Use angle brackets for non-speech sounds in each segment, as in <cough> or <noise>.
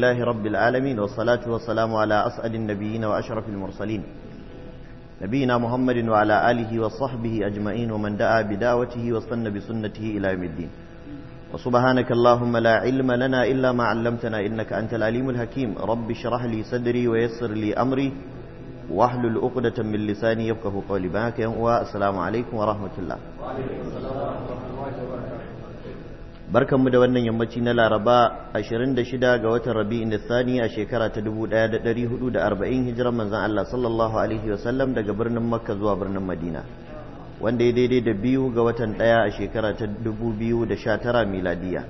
لله رب العالمين والصلاة والسلام على أسأل النبيين وأشرف المرسلين نبينا محمد وعلى آله وصحبه أجمعين ومن دعا بدعوته واستنى بسنته إلى يوم الدين وسبحانك اللهم لا علم لنا إلا ما علمتنا إنك أنت العليم الحكيم رب اشرح لي صدري ويسر لي أمري واحلل عقدة من لساني يفقه قولي باك والسلام السلام عليكم ورحمة الله وعليكم السلام barkanmu da wannan yammaci na laraba 26 ga watan rabi'in sani a shekara ta 1440 hijiran manzan Allah sallallahu alaihi wasallam daga birnin makka zuwa birnin madina wanda ya daidai da biyu ga watan daya a shekara ta 2019 miladiya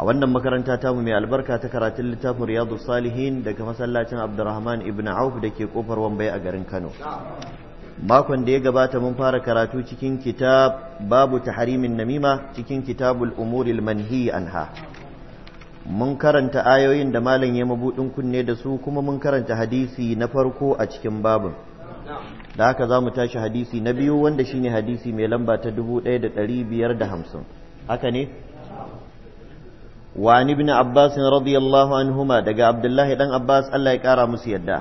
a wannan makaranta tamu mai albarka ta karatun littafin riyadu salihin daga masallacin abdurrahman ibn auf da ke kofar wambai a garin kano makon da ya gabata mun fara karatu cikin kitab babu taharimin namima cikin kitabul umuril manhi anha mun karanta ayoyin da malam ya mabudin kunne da su kuma mun karanta hadisi na farko a cikin babin da haka za mu tashi hadisi na biyu wanda shine hadisi mai lamba ta 1550 haka ne وعن ابن عباس رضي الله عنهما دقى عبد الله بن عباس الله يكارى مسيدا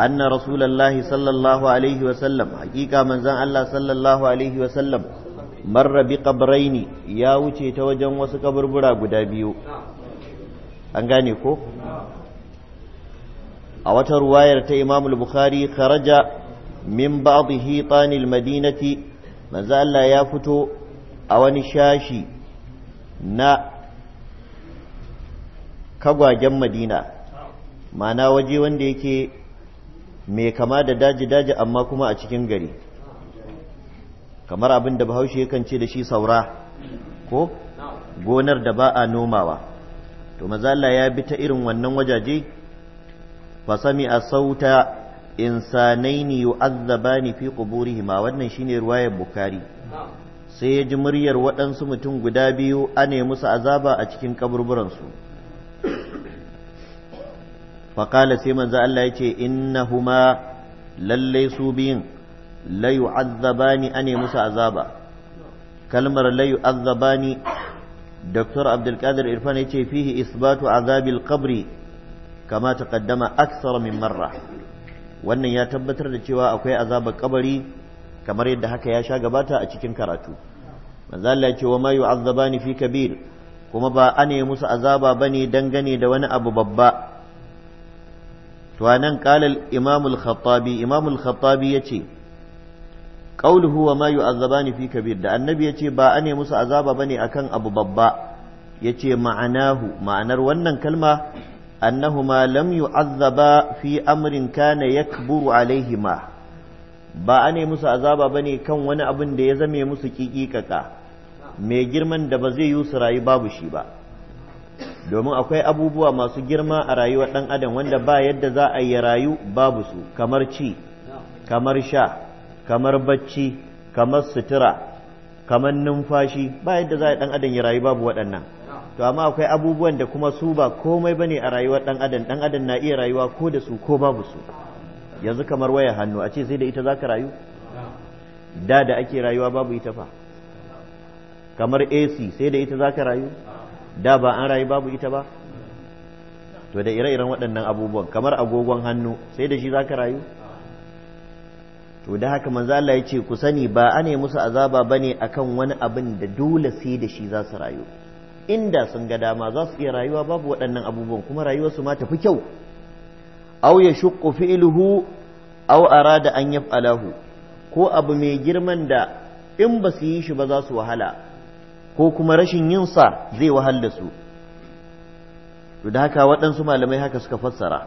أن رسول الله صلى الله عليه وسلم حقيقة من زان الله صلى الله عليه وسلم مر بقبرين يا وجه توجن وسكبر برا غدا بيو an gane ko a wata ruwayar ta imam al-bukhari kharaja min ba'd hitanil madinati manzo Allah ya fito a wani shashi na kagwagen madina ma'ana waje wanda yake mai kama da daji-daji amma kuma a cikin gari kamar abin da bahaushe yakan ce da shi saura ko gonar da ba a nomawa to mazala ya bi ta irin wannan wajaje fasami a sauta insanaini yu'azzabani fi quburihima wannan shine ruwayar bukari sai ya ji muryar waɗansu mutum guda biyu a ne musu azaba a cikin kaburburansu faƙala sai manzo Allah ya ce innahuma lallai su biyun layu yu'azzabani ane musu azaba kalmar layu yu'azzabani Dr. Abdulkadir Irfan ya ce fihi isbatu azabil qabri kama taqaddama aksara min marra wannan ya tabbatar da cewa akwai azabar kabari kamar yadda haka ya sha gabata a cikin karatu manzo Allah ya ce wa ma fi kabir kuma ba ane musu azaba bane dangane da wani abu babba to anan qala imam al-khattabi imam al-khattabi yace qawluhu wa ma yu'azzabani fi kabir da annabi yace ba ane musu azaba bane akan abu babba yace ma'anahu ma'anar wannan kalma annahuma lam yu'azzaba fi amrin kana yakburu alaihima ba a ne musu azaba bane kan wani abun da ya zame musu kikikaka mai girman da ba zai yi su rayu babu shi ba domin akwai abubuwa masu girma a rayuwar ɗan adam wanda ba yadda za a yi rayu babu su kamar ci kamar sha kamar bacci kamar sutura kamar numfashi ba yadda za a ɗan adam ya rayu babu waɗannan to amma akwai abubuwan da kuma su ba komai ba ne a rayuwar ɗan adam ɗan adam na iya rayuwa ko da su ko babu su yanzu kamar wayar hannu a ce sai da ita za ka rayu da da ake rayuwa babu ita fa kamar ac sai da ita za ka rayu da ba an rayu babu ita ba to da ire-iren waɗannan abubuwan kamar agogon hannu sai da shi za ka rayu to da haka manzo Allah ya ce ku sani ba a ne musu azaba ba bane akan wani abin da dole sai da shi za su rayu inda sun ga dama za su iya rayuwa babu waɗannan abubuwan kuma rayuwar su ma tafi kyau Au aw yashqu fi'luhu aw arada an yaf'alahu ko abu mai girman da in ba su yi shi ba za su wahala ko kuma rashin yin sa zai wahal su to da haka waɗansu malamai haka suka fassara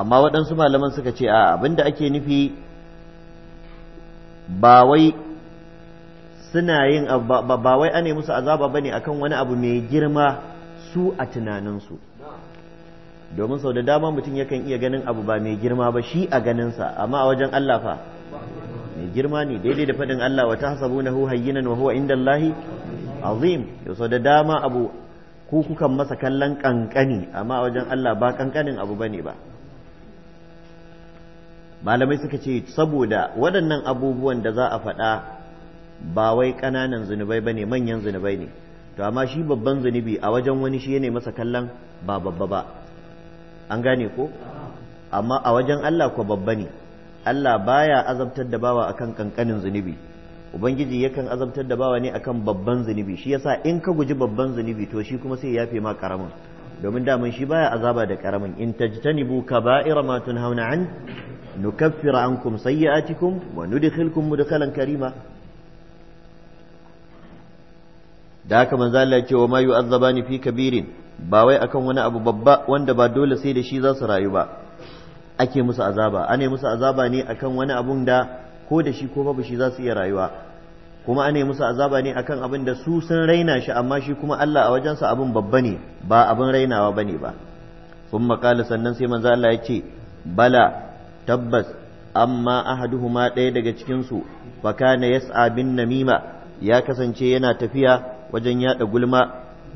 amma waɗansu malaman suka ce a abinda ake nufi ba wai suna yin ba wai ane musu azaba bane akan wani abu mai girma su a tunaninsu domin sau da dama mutum yakan iya ganin abu ba mai girma ba shi a ganinsa amma a wajen Allah fa girma ne daidai da faɗin Allah wa na tahsabunahu hayyinan wa huwa indallahi azim yau da dama abu ku kukan masa kallon kankani amma wajen Allah ba kankanin abu bane ba malamai suka ce saboda waɗannan abubuwan da za a faɗa ba wai ƙananan zunubai bane manyan zunubai ne to amma shi babban zunubi a wajen wani shi ne masa kallon ba babba ba an gane ko amma a wajen Allah ko babba ne Allah baya azabtar da bawa akan kankanin zunubi ubangiji yakan azabtar da bawa ne akan babban zunubi shi yasa in ka guji babban zunubi to shi kuma sai ya yafe ma karamin domin daman shi baya azaba da karamin in tajtanibu kaba'ira ma tunhauna an nukaffira ankum sayyi'atikum wa nudkhilukum mudkhalan karima da haka manzo Allah ya ce wa ma yu'azzabani fi kabirin ba wai akan wani abu babba wanda ba dole sai da shi za su rayu ba ake musu azaba ane musu azaba ne akan wani abun da ko da shi ko babu shi za su iya rayuwa kuma ane musu azaba ne akan abin da su sun raina shi amma shi kuma Allah a wajen wajensa abin babba ne ba abin rainawa bane ba sun makala sannan sai manzo Allah ya ce bala tabbas amma ahaduhuma ɗaya daga cikinsu fa kana yas'a bin namima ya kasance yana tafiya wajen yada gulma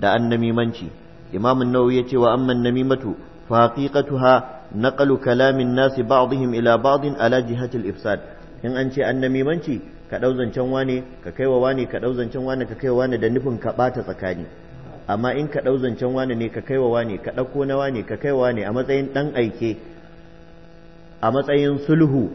da annamimanci imamun nawawi ya ce wa amman namimatu fa haqiqatuha نقل كلام الناس بعضهم إلى بعض على جهة الإفساد إن أنت أنمي منشي كدوزن nufin ككيو واني كدوزن شواني ككيو واني دنفن كبات سكاني أما إن كدوزن شواني ني ككيو واني كدكون واني ككيو واني أما matsayin تن أيكي أما matsayin sulhu,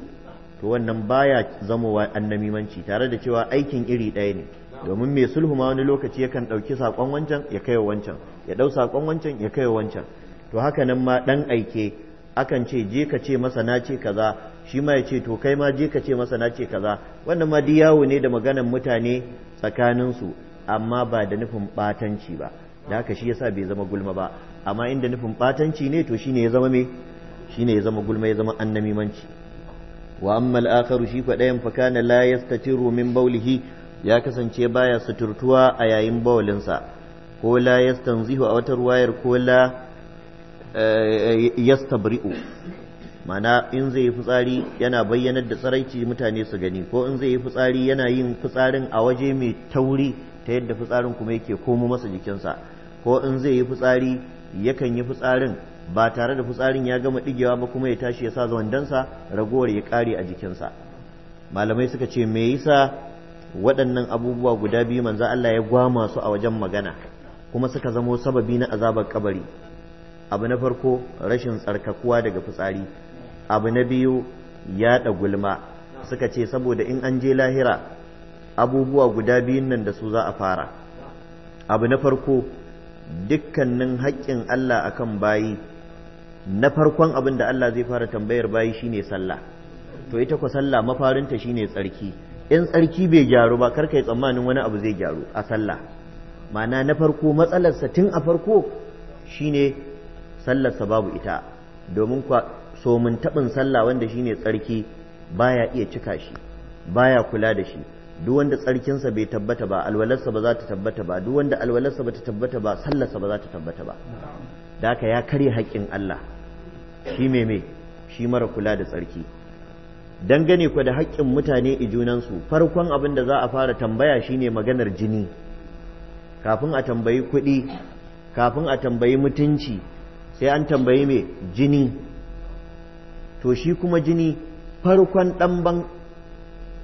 to wannan baya wa annami manci tare da cewa aikin iri ɗaya ne domin mai sulhu ma wani lokaci yakan ɗauki saƙon wancan ya kaiwa wancan ya ɗau saƙon wancan ya kaiwa wancan to haka nan ma ɗan aike akan ce je ka ce masa na ce kaza shi ma ya ce to kai ma je ka ce masa na ce kaza wannan ma yawo ne da maganar mutane tsakaninsu amma ba da nufin batanci ba da haka shi yasa bai zama gulma ba amma inda nufin batanci ne to shine ya zama me shine ya zama gulma ya zama annamimanci wa amma al-akharu shi kwadayan fa kana la yastatiru min bawlihi ya kasance baya suturtuwa a yayin bawalinsa ko la yastanzihu a wata ruwayar ko la yastabri'u mana in zai yi fitsari yana bayyanar da tsaraici mutane su gani ko in zai yi fitsari yana yin fitsarin a waje mai tauri ta yadda fitsarin kuma yake komo masa jikinsa ko in zai yi fitsari yakan yi fitsarin ba tare da fitsarin ya gama digewa ba kuma ya tashi ya sa wandansa ragowar ya kare a jikinsa malamai suka ce me yasa waɗannan abubuwa guda biyu manzo Allah ya gwama su a wajen magana kuma suka zamo sababi na azabar kabari abu na farko rashin tsarkakuwa daga fitsari abu na biyu yaɗa gulma suka ce saboda in an je lahira abubuwa guda biyun nan da su za a fara abu na farko dukkanin haƙƙin Allah akan bayi na farkon abin da Allah zai fara tambayar bayi shine sallah to ita kwa sallah mafarinta shine tsarki in tsarki bai gyaru ba kar yi tsammanin wani abu zai gyaru a sallah ma'ana na farko matsalarsa tun a farko shine sallarsa babu ita domin kwa somin taɓin sallah wanda shine tsarki baya iya cika shi baya kula da shi duk wanda tsarkinsa bai tabbata ba alwalarsa ba za ta tabbata ba duk wanda alwalarsa ba ta tabbata ba sallarsa ba za ta tabbata ba da haka ya karya haƙƙin Allah shi me me shi mara kula da tsarki dangane ku da haƙƙin mutane su farkon abin da za a fara tambaya shine maganar jini kafin a tambayi kuɗi kafin a tambayi mutunci sai an tambayi mai jini to shi kuma jini farkon ɗanban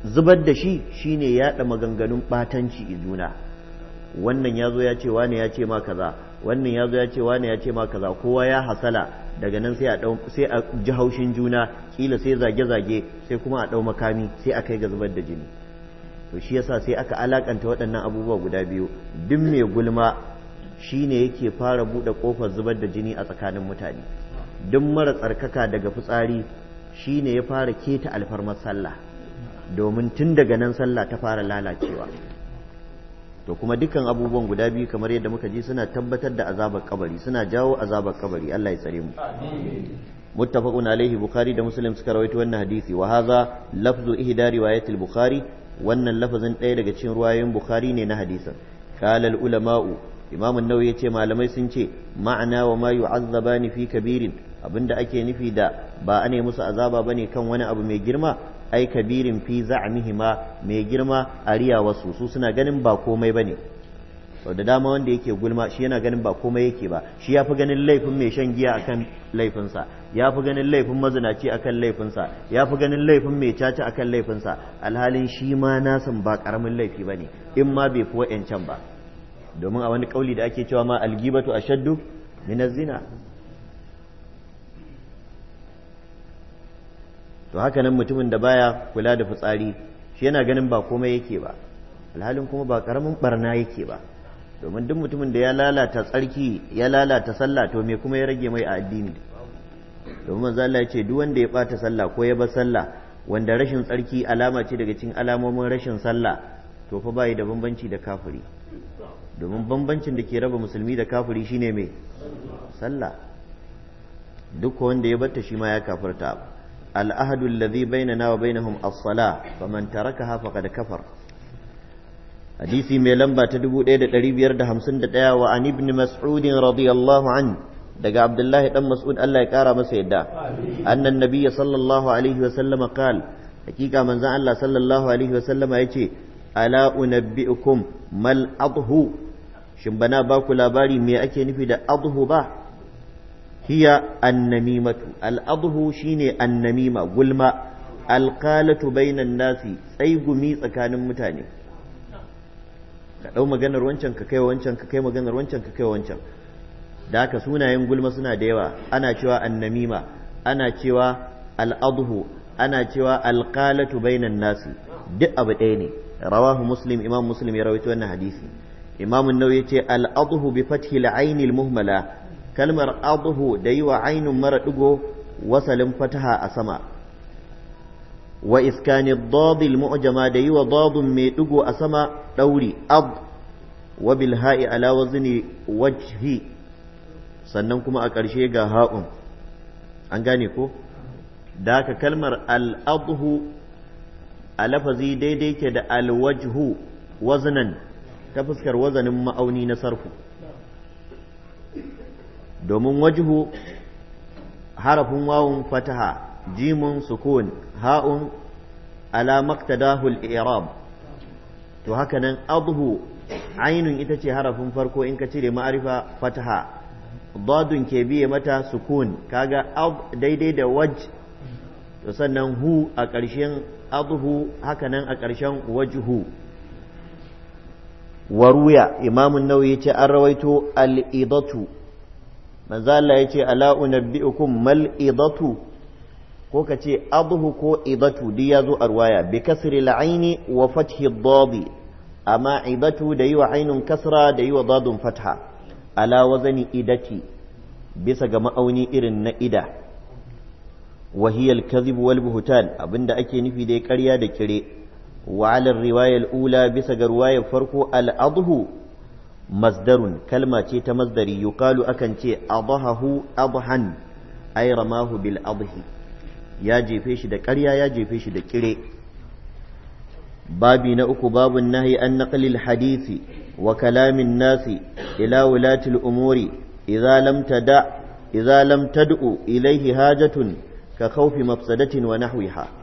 zubar da shi shine yaɗa maganganun ɓatanci juna wannan ya zo ya ce wane ya ce ma kaza wannan ya zo ya ce wane ya ce ma kaza kowa ya hasala daga nan sai a ji haushin juna kila sai zage-zage sai kuma a ɗau makami sai a kai ga zubar da jini to shi yasa sai aka alakanta waɗannan abubuwa guda biyu duk mai gulma shi ne yake fara buɗe ƙofar zubar da jini a tsakanin mutane duk mara tsarkaka daga fitsari shi ne ya fara keta alfarmar sallah domin tun daga nan sallah ta fara lalacewa to kuma dukkan abubuwan guda biyu kamar yadda muka ji suna tabbatar da azabar kabari suna jawo azabar kabari Allah ya tsare mu muttafaqun alaihi bukhari da muslim suka rawaito wannan hadisi wa hadha lafzu ihda riwayatil bukhari wannan lafazin ɗaya daga cikin ruwayoyin bukhari ne na hadisin qala al ulama'u imam an ya ce malamai sun ce ma'ana wa ma yu'azzabani fi kabirin abinda ake nufi da ba ane musu azaba bane kan wani abu mai girma ai kabirin fi za'mihima mai girma a riya wasu su suna ganin ba komai bane sau da dama wanda yake gulma shi yana ganin ba komai yake ba shi ya fi ganin laifin mai shan giya akan laifinsa ya fi ganin laifin mazinaci akan laifinsa ya fi ganin laifin mai caca akan laifinsa alhalin shi ma nasan ba karamin laifi ba ne in ma bai fi wa'yancan ba domin a wani kauli da ake cewa ma algibatu ashaddu min zina to haka nan mutumin da baya kula da fitsari shi yana ganin ba komai yake ba alhalin kuma ba karamin barna yake ba domin duk mutumin da ya lalata tsarki ya lalata sallah to me kuma ya rage mai a addini domin manzo Allah ya ce duk wanda ya bata sallah ko ya bar sallah wanda rashin tsarki alama ce daga cikin alamomin rashin sallah to fa bai da bambanci da kafiri domin bambancin da ke raba musulmi da kafiri shine mai sallah duk wanda ya batta shi ma ya kafirta al'ahadu alladhi bainana wa bainahum as-salah faman tarakaha faqad kafar hadisi mai lamba ta 1551 wa an ibn mas'ud radiyallahu an daga abdullahi dan mas'ud Allah ya kara masa yadda annan nabiyyi sallallahu alaihi wa sallama qal hakika manzon Allah sallallahu alaihi wa sallama yace ala unabbiukum mal adhu shin bana ba ku labari me ake nufi da adhu ba hiya annamimatu al-adhu shine annamima gulma alqalatu bainan nasi tsaigumi tsakanin mutane ka ɗau maganar wancan ka kai wancan ka kai maganar wancan ka kai wancan da haka sunayen gulma suna da yawa ana cewa annamima ana cewa al-adhu ana cewa alqalatu bainan nasi duk abu ɗaya ne rawahu muslim imam muslim ya rawaito wannan hadisi imamun nau ya ce al'adhu bi fathi la'ainil muhmala kalmar adhu da yi wa ainun mara ɗigo wasalin fataha a sama wa iskani dadil mu'jama da yi wa dadun mai ɗigo a sama ɗauri ad wa bil ha'i ala sannan kuma a ƙarshe ga ha'un an gane ko da haka kalmar al'adhu a lafazi daidai ke da alwajhu waznan ta fuskar wazanin ma'auni na sarku domin wajihu harafin wawun fataha jimun sukun ha'un ala maktadahul i'rab to haka nan adhu ainun ita ce harafin farko in ka cire ma'arifa fataha dadun ke biye mata sukun kaga ab daidai da waj to sannan hu a ƙarshen adhu haka nan a ƙarshen wajhu waruya imamun nauyi ce an rawaito al-idatu manzo Allah yace ala unabbiukum mal idatu ko kace adhu ko idatu duk zo a ruwaya bi kasri al wa fathi ad amma idatu da yi wa ainun kasra da yi wa dadun fatha ala wazani idati bisa ga ma'auni irin na ida wa hiya al-kadhib wal buhtan abinda ake nufi da ƙarya da kire wa ala ula bisa ga ruwayar farko al'adhu masdarun kalma ce ta masdari yuqalu akan ce adhahu adhan ay ramahu bil adhi ya jefe shi da ƙarya ya jefe shi da kire babi na uku babu nahi an naqli hadisi wa nasi ila wulatil umuri idza lam tada idza lam hajatun ka khawfi mafsadatin wa nahwiha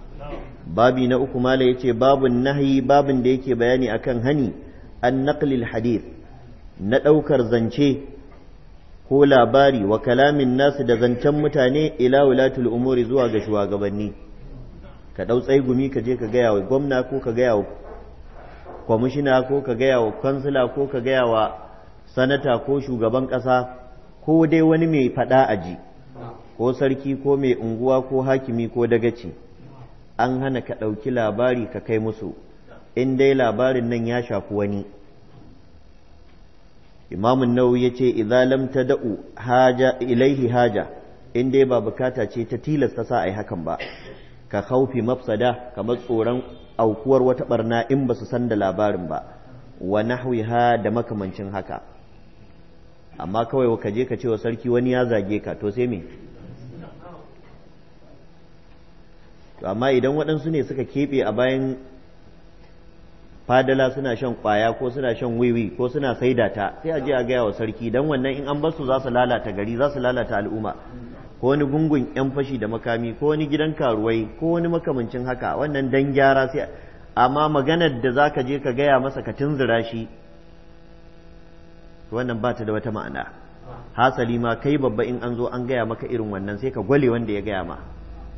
babi na uku mala yace babu nahyi babin da yake bayani akan hani an naqlil hadith na ɗaukar zance ko labari wa kalamin nasu da zancen mutane ila wulatul umuri zuwa ga shugabanni ka dau gumi ka je ka gaya wa gwamna ko ka gaya wa kwamishina ko ka gaya wa kansila ko ka gaya wa sanata ko shugaban ƙasa ko dai wani mai fada aji ko sarki ko mai unguwa ko hakimi ko dagaci an hana ka ɗauki labari ka kai musu in dai labarin nan ya shafi wani imamun nau ya ce idan lam ilaihi haja in dai ba bukata ce ta tilasta sa yi hakan ba ka haufi mafsada kamar tsoron aukuwar wata barna in ba su san da labarin ba wa nahwiha da makamancin haka amma kawai ka je ka ce wa sarki wani ya zage ka to sai me to amma idan waɗansu ne suka keɓe a bayan fadala suna shan ƙwaya ko suna shan wiwi ko suna saida ta sai a je a gaya wa sarki don wannan in an basu za su lalata gari za su lalata al'umma ko wani gungun yan fashi da makami ko wani gidan karuwai ko wani makamancin haka wannan dan gyara sai amma maganar da za ka je ka gaya masa ka tunzura shi wannan ba ta da wata ma'ana hasali ma kai babba in an zo an gaya maka irin wannan sai ka gwale wanda ya gaya ma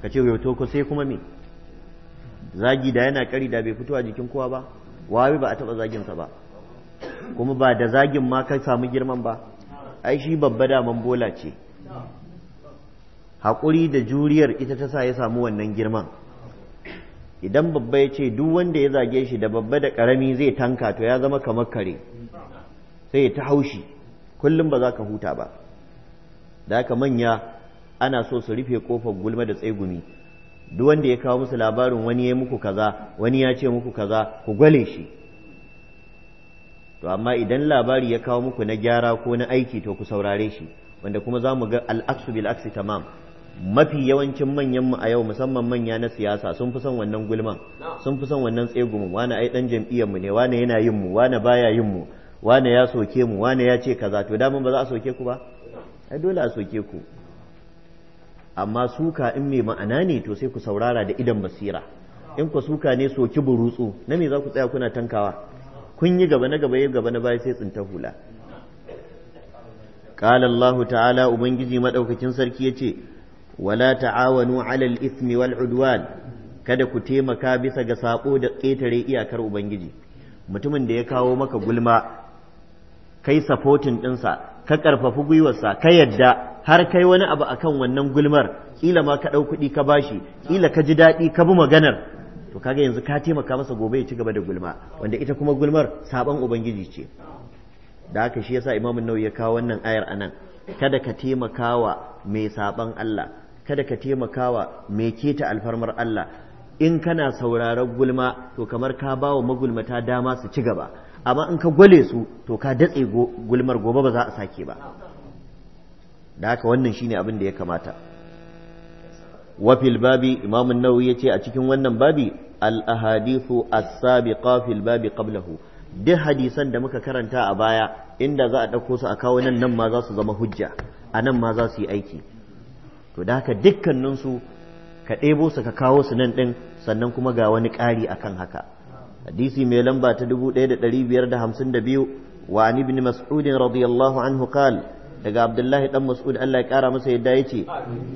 ka ce wai toko sai kuma me zagi da yana kari da bai fito a jikin kowa ba wawi ba a taba zaginsa ba kuma ba da zagin ma ka samu girman ba ai shi babba daman bola ce haƙuri da juriyar ita ta sa ya samu wannan girman idan babba ya ce duk wanda ya zage shi da babba da ƙarami zai tanka to ya zama kamar kare sai ya ta haushi kullum ba za ka huta ba da haka manya ana so su rufe kofar gulma da tsegumi duk wanda ya kawo musu labarin wani ya muku kaza wani ya ce muku kaza ku gwale shi to amma idan labari ya kawo muku na gyara ko na aiki to ku saurare shi wanda kuma za mu ga al'aksu bil aksi tamam mafi yawancin manyanmu a yau musamman manya na siyasa sun fi son wannan gulman sun fi son wannan tsegumin wani ai dan jam'iyyar mu ne wani yana yin mu wani baya yin mu wani ya soke mu wani ya ce kaza to da ba za a soke ku ba ai dole a soke ku amma suka in mai ma'ana ne to sai ku saurara da idan basira in ku suka ne ki burutsu na me za ku tsaya kuna tankawa kun yi gaba na gaba yi gaba na baya sai tsinta hula قال الله ubangiji madaukakin sarki ya ce wala ta'awanu 'alal ismi wal 'udwan kada ku taimaka bisa ga sako da ƙetare iyakar ubangiji mutumin da ya kawo maka gulma kai safotin ɗinsa ka ƙarfafa gwiwarsa ka yadda har kai wani abu a kan wannan gulmar kila ma ka ɗau kuɗi ka bashi kila ka ji daɗi ka bi maganar to kaga yanzu ka taimaka masa gobe ya ci gaba da gulma wanda ita kuma gulmar saban ubangiji ce da haka shi yasa imamun nawawi ya kawo wannan ayar a nan kada ka taimakawa mai saban Allah kada ka taimakawa mai keta alfarmar Allah in kana sauraron gulma to kamar ka ba wa magulmata dama su ci gaba amma in ka gwale su to ka datse gulmar gobe ba za a sake ba da haka wannan shine abin da ya kamata wa fil babi imam an-nawawi yace a cikin wannan babi al ahadithu as-sabiqa fil babi qablahu duk hadisan da muka karanta a baya inda za a ɗauko su a kawo nan nan ma za su zama hujja a nan ma za su yi aiki to da haka dukkaninsu ka ɗebo su ka kawo su nan ɗin sannan kuma ga wani ƙari akan haka hadisi mai lamba ta 1552 wa an ibn mas'ud radiyallahu anhu qala daga abdullahi dan mas'ud Allah ya kara masa yadda yace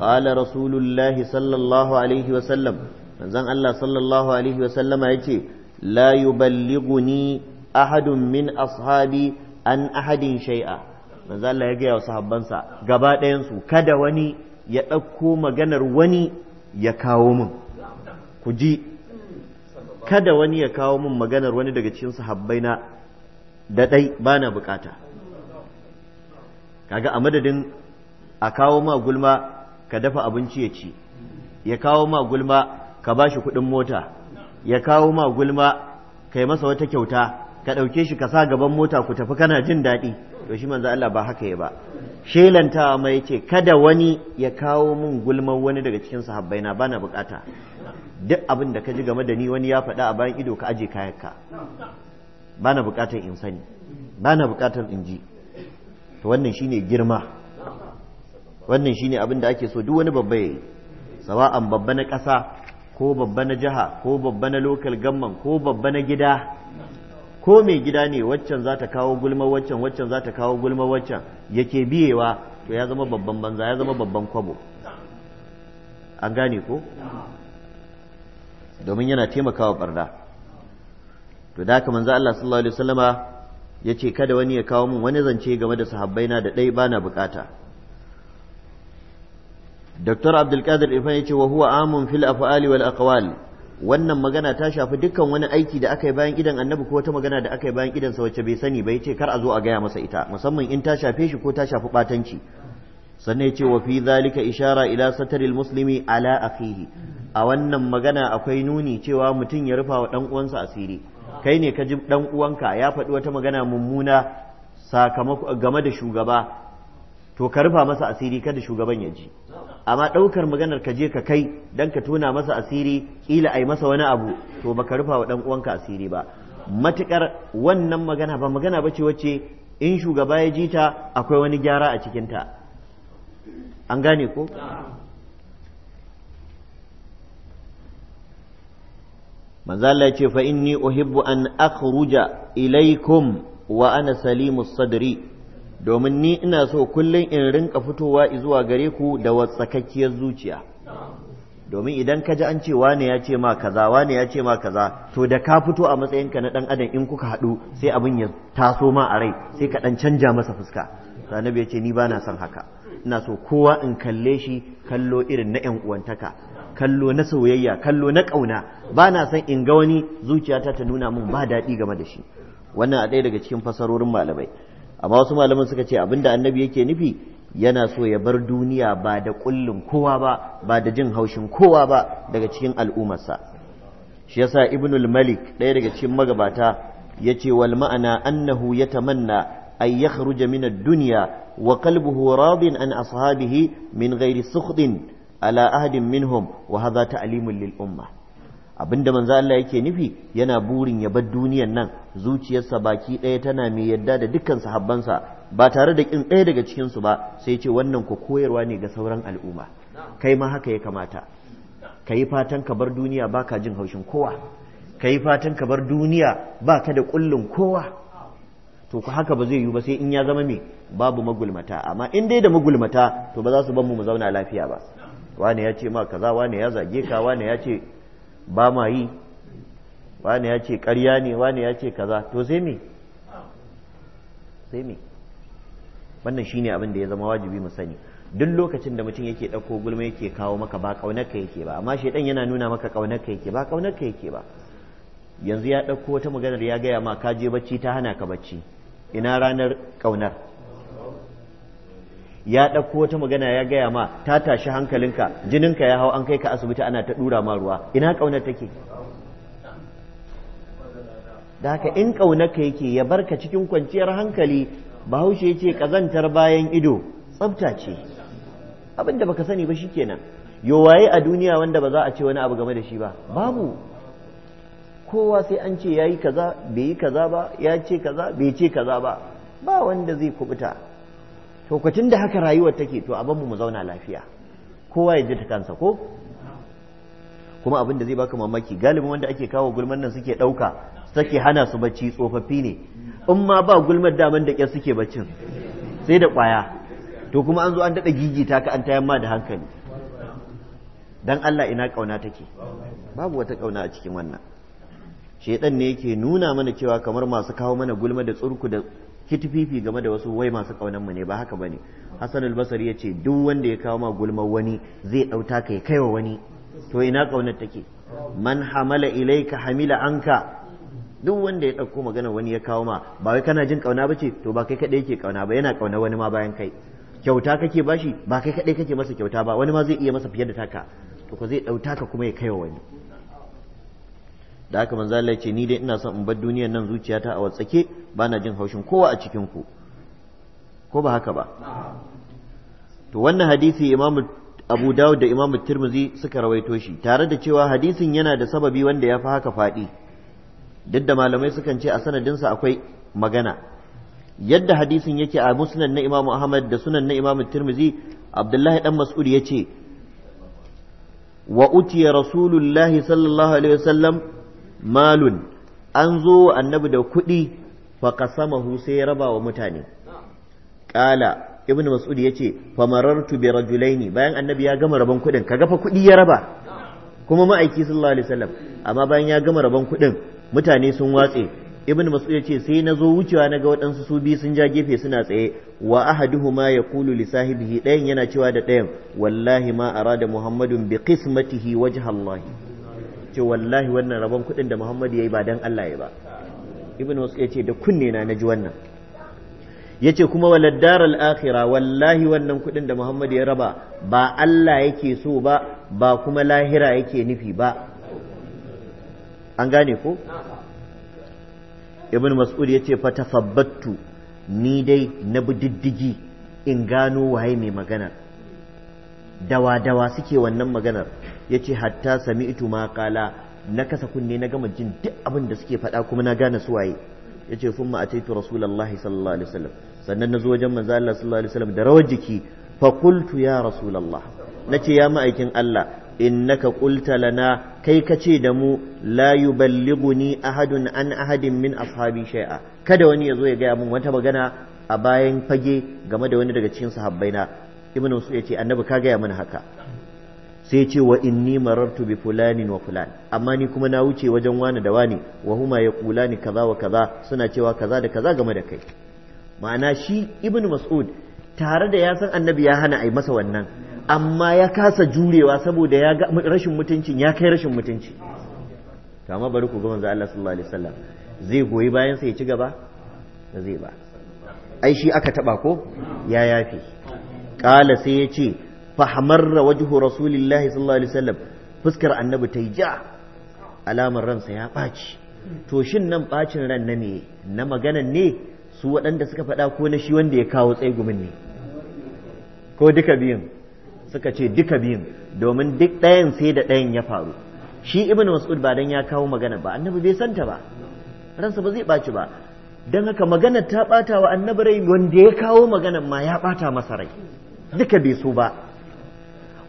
qala rasulullahi sallallahu alaihi wa sallam manzon Allah sallallahu alaihi wa sallama yace la yuballighuni ahadun min ashabi an ahadin shay'a manzon Allah ya ga sahabbansa gaba ɗayan su kada wani ya ɗauko maganar wani ya kawo min ku ji kada wani ya kawo min maganar wani daga cikin sahabbaina da ɗai bana bukata kaga a madadin a kawo ma gulma ka dafa abinci ya ci ya kawo ma gulma ka ba shi kuɗin mota ya kawo ma gulma ka yi masa wata kyauta ka ɗauke shi ka sa gaban mota ku tafi kana jin daɗi to shi manzo Allah ba haka ya ba shelantawa mai ce kada wani ya kawo min gulman wani daga cikin sahabbai na bana bukata duk abin da ka ji game da ni wani ya faɗa a bayan ido ka aje kayanka bana bukatar in sani bana bukatar in ji to wannan shine girma wannan shine abin da ake so duk wani babba yayi sawa'an babba na ƙasa ko babba na jiha ko babba na local gamman ko babba na gida ko mai gida ne waccan za ta kawo gulma waccan waccan za ta kawo gulma waccan yake biyewa to ya zama babban banza ya zama babban kwabo an gane ko domin yana taimakawa barda to da haka manzo Allah sallallahu alaihi wasallama ya ce kada wani ya kawo min wani zance game da sahabbaina da ɗai bana bukata Dr. Abdulkadir Irfan ya ce wa huwa amun fil af'ali wal aqwal wannan magana ta shafi dukkan wani aiki da aka yi bayan idan annabi ko wata magana da aka yi bayan idan sa wacce bai sani ba yace kar a zo a gaya masa ita musamman in ta shafe shi ko ta shafi batanci sannan yace wa fi zalika ishara ila sataril muslimi ala akhihi a wannan magana akwai nuni cewa mutum ya rufa wa dan uwansa asiri kai ne ka ji dan uwanka ya faɗi wata magana mummuna sakamako game da shugaba to ka rufa masa asiri kada shugaban ya ji amma ɗaukar maganar ka je ka kai dan ka tona masa asiri a yi masa wani abu to baka rufa wa dan uwanka asiri ba matukar wannan magana ba magana ba bace wacce in shugaba ya ji ta akwai wani gyara a cikinta an gane ko manzo Allah ce fa inni uhibbu an akhruja ilaikum wa ana salimu sadri domin ni ina so kullum in rinka fitowa zuwa gare ku da watsakakkiyar zuciya domin idan ka ji an ce wane ya ce ma kaza wane ya ce ma kaza to da ka fito a matsayinka na dan adam in kuka haɗu sai abin ya taso ma a rai sai ka dan canja masa fuska sanabi ya ce ni ba na son haka ina so kowa in kalle shi kallo irin na yan uwantaka kallo na soyayya kallo na ƙauna ba na san in ga wani zuciyata ta nuna min ba daɗi game da shi wannan a ɗaya daga cikin fasarorin malamai amma wasu malaman suka ce abinda annabi yake nufi yana so ya bar duniya ba da kullum kowa ba ba da jin haushin kowa ba daga cikin al'ummarsa shi yasa ibnul malik ɗaya daga cikin magabata ya ce wal ma'ana annahu yatamanna ay yakhruja min ad-dunya wa qalbuhu radin an ashabihi min ghairi sukhdin ala ahadin minhum wa hadha ta'limun lil umma abinda manzo Allah yake nufi yana burin ya bar duniyar nan zuciyarsa baki ɗaya tana mai yadda da dukkan sahabbansa ba tare da kin ɗaya daga cikin su ba sai ce wannan ku koyarwa ne ga sauran al'umma kai ma haka ya kamata kai fatan ka bar duniya baka jin haushin kowa kai fatan ka bar duniya baka da kullun kowa to ku haka ba zai yiwu ba sai in ya zama me babu magulmata amma in dai da magulmata to ba za su bar mu mu zauna lafiya ba wane ya ce ma kaza wane ya zage ka wane ya ce ba ma yi wane ya ce ƙarya ne wane ya ce kaza to sai me sai me wannan shine abin da ya zama wajibi mu sani duk lokacin da mutum yake ɗauko gulma yake kawo maka ba ƙaunarka yake ba amma shaidan yana nuna maka ƙaunarka yake ba ƙaunarka yake ba yanzu ya ɗauko wata maganar ya gaya ma ka je bacci ta hana ka bacci ina ranar ƙaunar ya ɗauko wata magana ya gaya ma ta tashi hankalinka jininka ya hau an kai ka asibiti ana ta ɗura ma ruwa ina ƙaunar take da haka in ka yake ya barka cikin kwanciyar hankali bahaushe ya ce ƙazantar bayan ido tsafta ce abin da baka sani ba shikenan yo waye a duniya wanda ba za a ce wani abu game da shi ba babu kowa sai an ce yayi kaza bai yi kaza ba ya ce kaza bai ce kaza ba ba wanda zai kubuta to da haka rayuwar take to abin mu zauna lafiya kowa ya ji ta kansa ko kuma abin da zai baka mamaki galibin wanda ake kawo gulman nan suke ɗauka suke hana su bacci tsofaffi ne in ma ba gulmar daman da ƙyar suke baccin sai da ƙwaya to kuma an zo an daɗa gigita ka an tayan ma da hankali dan Allah ina ƙauna take babu wata ƙauna a cikin wannan shedan ne yake nuna mana cewa kamar masu kawo mana gulma da tsurku da kitififi game da wasu wai masu kaunar mu ne ba haka bane hasan ya ce yace duk wanda ya kawo ma gulmar wani zai dauta kai kaiwa wani to ina kaunar take man hamala ilaika hamila anka duk wanda ya dauko magana wani ya kawo ma ba wai kana jin kauna bace to ba kai kadai yake kauna ba yana kauna wani ma bayan kai kyauta kake bashi ba kai kadai kake masa kyauta ba wani ma zai iya masa fiye da taka to ko zai dauta ka kuma ya kaiwa wani da haka manzo Allah ce ni dai ina son in bar duniyar nan zuciyata a watsake ba na jin haushin kowa a cikin ku ko ba haka ba to wannan hadisi imamu Abu Dawud da Imam Tirmidhi suka rawaito shi tare da cewa hadisin yana da sababi wanda ya fi haka faɗi duk da malamai sukan ce a sanadinsa akwai magana yadda hadisin yake a musnad na Imam Ahmad da sunan na Imam Tirmidhi Abdullahi dan Mas'ud ya ce wa utiya rasulullahi sallallahu alaihi wasallam malun an zo annabi da kuɗi fa qasamahu sai ya raba wa mutane qala ibnu mas'ud yace fa marartu bi rajulaini bayan annabi ya gama raban kuɗin kaga fa kuɗi ya raba kuma ma'aiki sallallahu alaihi wasallam amma bayan ya gama raban kuɗin mutane sun watse ibnu mas'ud yace sai na zo wucewa na ga waɗansu su biyu sun ja gefe suna tsaye wa ahaduhuma yaqulu li sahibihi ɗayan yana cewa da ɗayan wallahi ma arada muhammadun bi qismatihi wajha ce wallahi wannan rabon kuɗin da Muhammadu ya yi ba dan Allah ya ba ibn wasu ya ce da kunne na na ji wannan ya ce kuma waladdar al'akhira wallahi wannan kuɗin da Muhammadu ya raba ba Allah yake so ba ba kuma lahira yake nufi ba an gane ko ibn mas'ud ya ce fatafabbattu ni dai na bididdigi diddigi in gano waye mai magana dawa-dawa suke wannan maganar yace hatta sami'tu ma qala na kasa kunne na gama jin duk abin da suke faɗa kuma na gane su waye yace thumma ataitu rasulullahi sallallahu alaihi wasallam sannan nazo wajen manzo Allah sallallahu alaihi wasallam da rawar jiki fa qultu ya rasulullah nace ya ma'aikin Allah innaka qulta lana kai kace da mu la yuballighuni ahadun an ahadin min ashabi shay'a kada wani yazo ya gaya mun wata magana a bayan fage game da wani daga cikin sahabbaina ibnu su ce annabi ka gaya mun haka sai ce wa inni marartu bi fulanin wa fulan amma ni kuma na wuce wajen wani da wani wa huma ni kaza wa kaza suna cewa kaza da kaza game da kai ma'ana shi ibnu mas'ud tare da ya san annabi ya hana ai masa wannan amma ya kasa jurewa saboda ya ga rashin mutuncin ya kai rashin mutunci to amma bari ku ga manzo Allah sallallahu alaihi wasallam zai goyi bayan sa ya ci gaba zai ba ai shi aka taba ko ya yafi kala sai ya ce fahmarra wajhu rasulillahi sallallahu alaihi wasallam fuskar annabi ta yi ja alamar ransa ya ɓaci to shin nan ɓacin ran na me na maganan ne su waɗanda suka faɗa ko na shi wanda ya kawo tsegumin ne ko duka biyun suka ce duka biyun domin duk ɗayan sai da ɗayan ya faru shi ibnu mas'ud ba dan ya kawo magana ba annabi bai santa ba ransa ba zai ɓaci ba don haka magana ta ɓata wa annabi rai wanda ya kawo maganan ma ya ɓata masa rai duka bai so ba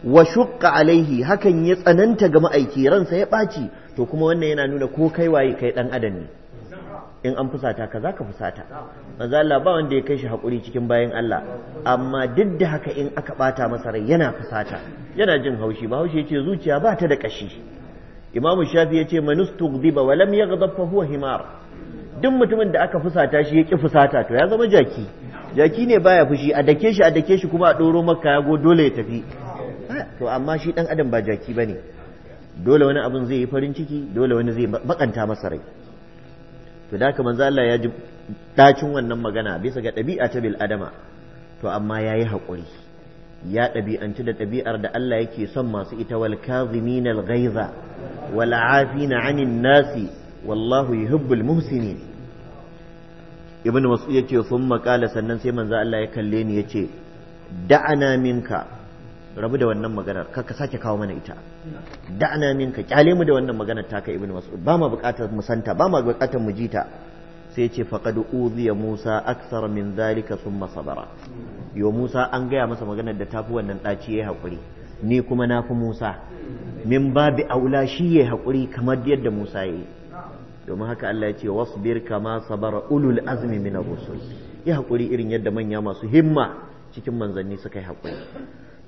wa shuqqa alaihi hakan ya tsananta ga ma'aiki ransa ya ɓaci to kuma wannan yana nuna ko kai waye kai ɗan adam ne in an fusata ka za ka fusata maza Allah ba wanda ya kai shi haƙuri cikin bayan Allah amma duk da haka in aka ɓata masa rai yana fusata yana jin haushi ba haushi yace zuciya ba ta da ƙashi imamu shafi yace manustughdiba wa lam yaghdab fa huwa himar duk mutumin da aka fusata shi ya ƙi fusata to ya zama jaki jaki ne baya fushi a dake shi a dake shi kuma a ɗoro maka yago dole ya tafi Eh, to amma shi dan adam ba jaki bane dole wani abun zai yi farin ciki dole wani zai bakanta masa rai to da manzo Allah ya ji dacin wannan magana bisa ga ɗabi'a ta bil adama to amma yayi haƙuri ya ɗabi'antu da ɗabi'ar da Allah yake son masu ita wal kazimin al ghaiza wal afina anin nasi wallahu yuhibbul muhsinin ibn mas'ud yace thumma qala sannan sai manzo Allah ya kalle ni yace da'ana minka rabu da wannan maganar ka sake kawo mana ita da'ana min ka kyale mu da wannan maganar taka ibnu mas'ud ba ma buƙatar mu santa ba ma buƙatar mu jita sai ce faqad uziya musa akthar min zalika thumma sabara yo musa an gaya masa maganar da tafi wannan daci yayi hakuri ni kuma na fi musa min babi aula shi yayi hakuri kamar yadda musa yayi domin haka Allah ya ce wasbir kama sabara ulul azmi min ar-rusul ya hakuri irin yadda manya masu himma cikin manzanni suka yi hakuri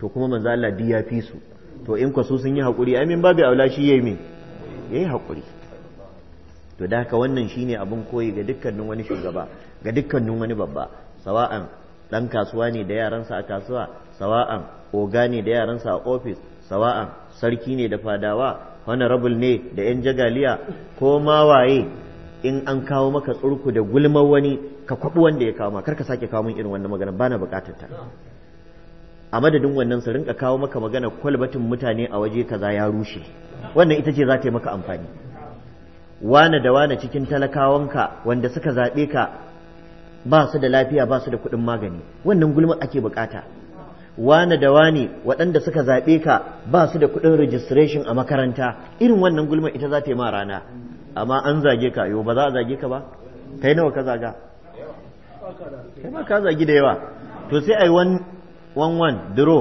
to kuma manzo Allah di ya fi su to in ku su sun yi hakuri amin babu aula shi yayi me yayi hakuri to da haka wannan shine abin koyi ga dukkanin wani shugaba ga dukkanin wani babba sawa'an dan kasuwa ne da yaransa a kasuwa sawa'an oga ne da yaransa a office sawa'an sarki ne da fadawa honorable ne da yan jagaliya ko ma waye in an kawo maka tsurku da gulmar wani ka kwabi wanda ya kawo maka karka sake kawo min irin wannan magana bana bukatar ta a madadin wannan su rinka kawo maka magana kwalbatin mutane a waje kaza ya rushe wannan ita ce za ta yi maka amfani wane da wane cikin talakawanka wanda suka zaɓe ka ba su da lafiya ba su da kuɗin magani wannan gulma ake bukata wane da wane waɗanda suka zaɓe ka ba su da kuɗin registration a makaranta irin wannan gulma ita za ta yi ma rana amma an zage ka yau ba za a zage ka ba kai nawa ka zaga kai ma ka zagi da yawa to sai ai wani wanwan duro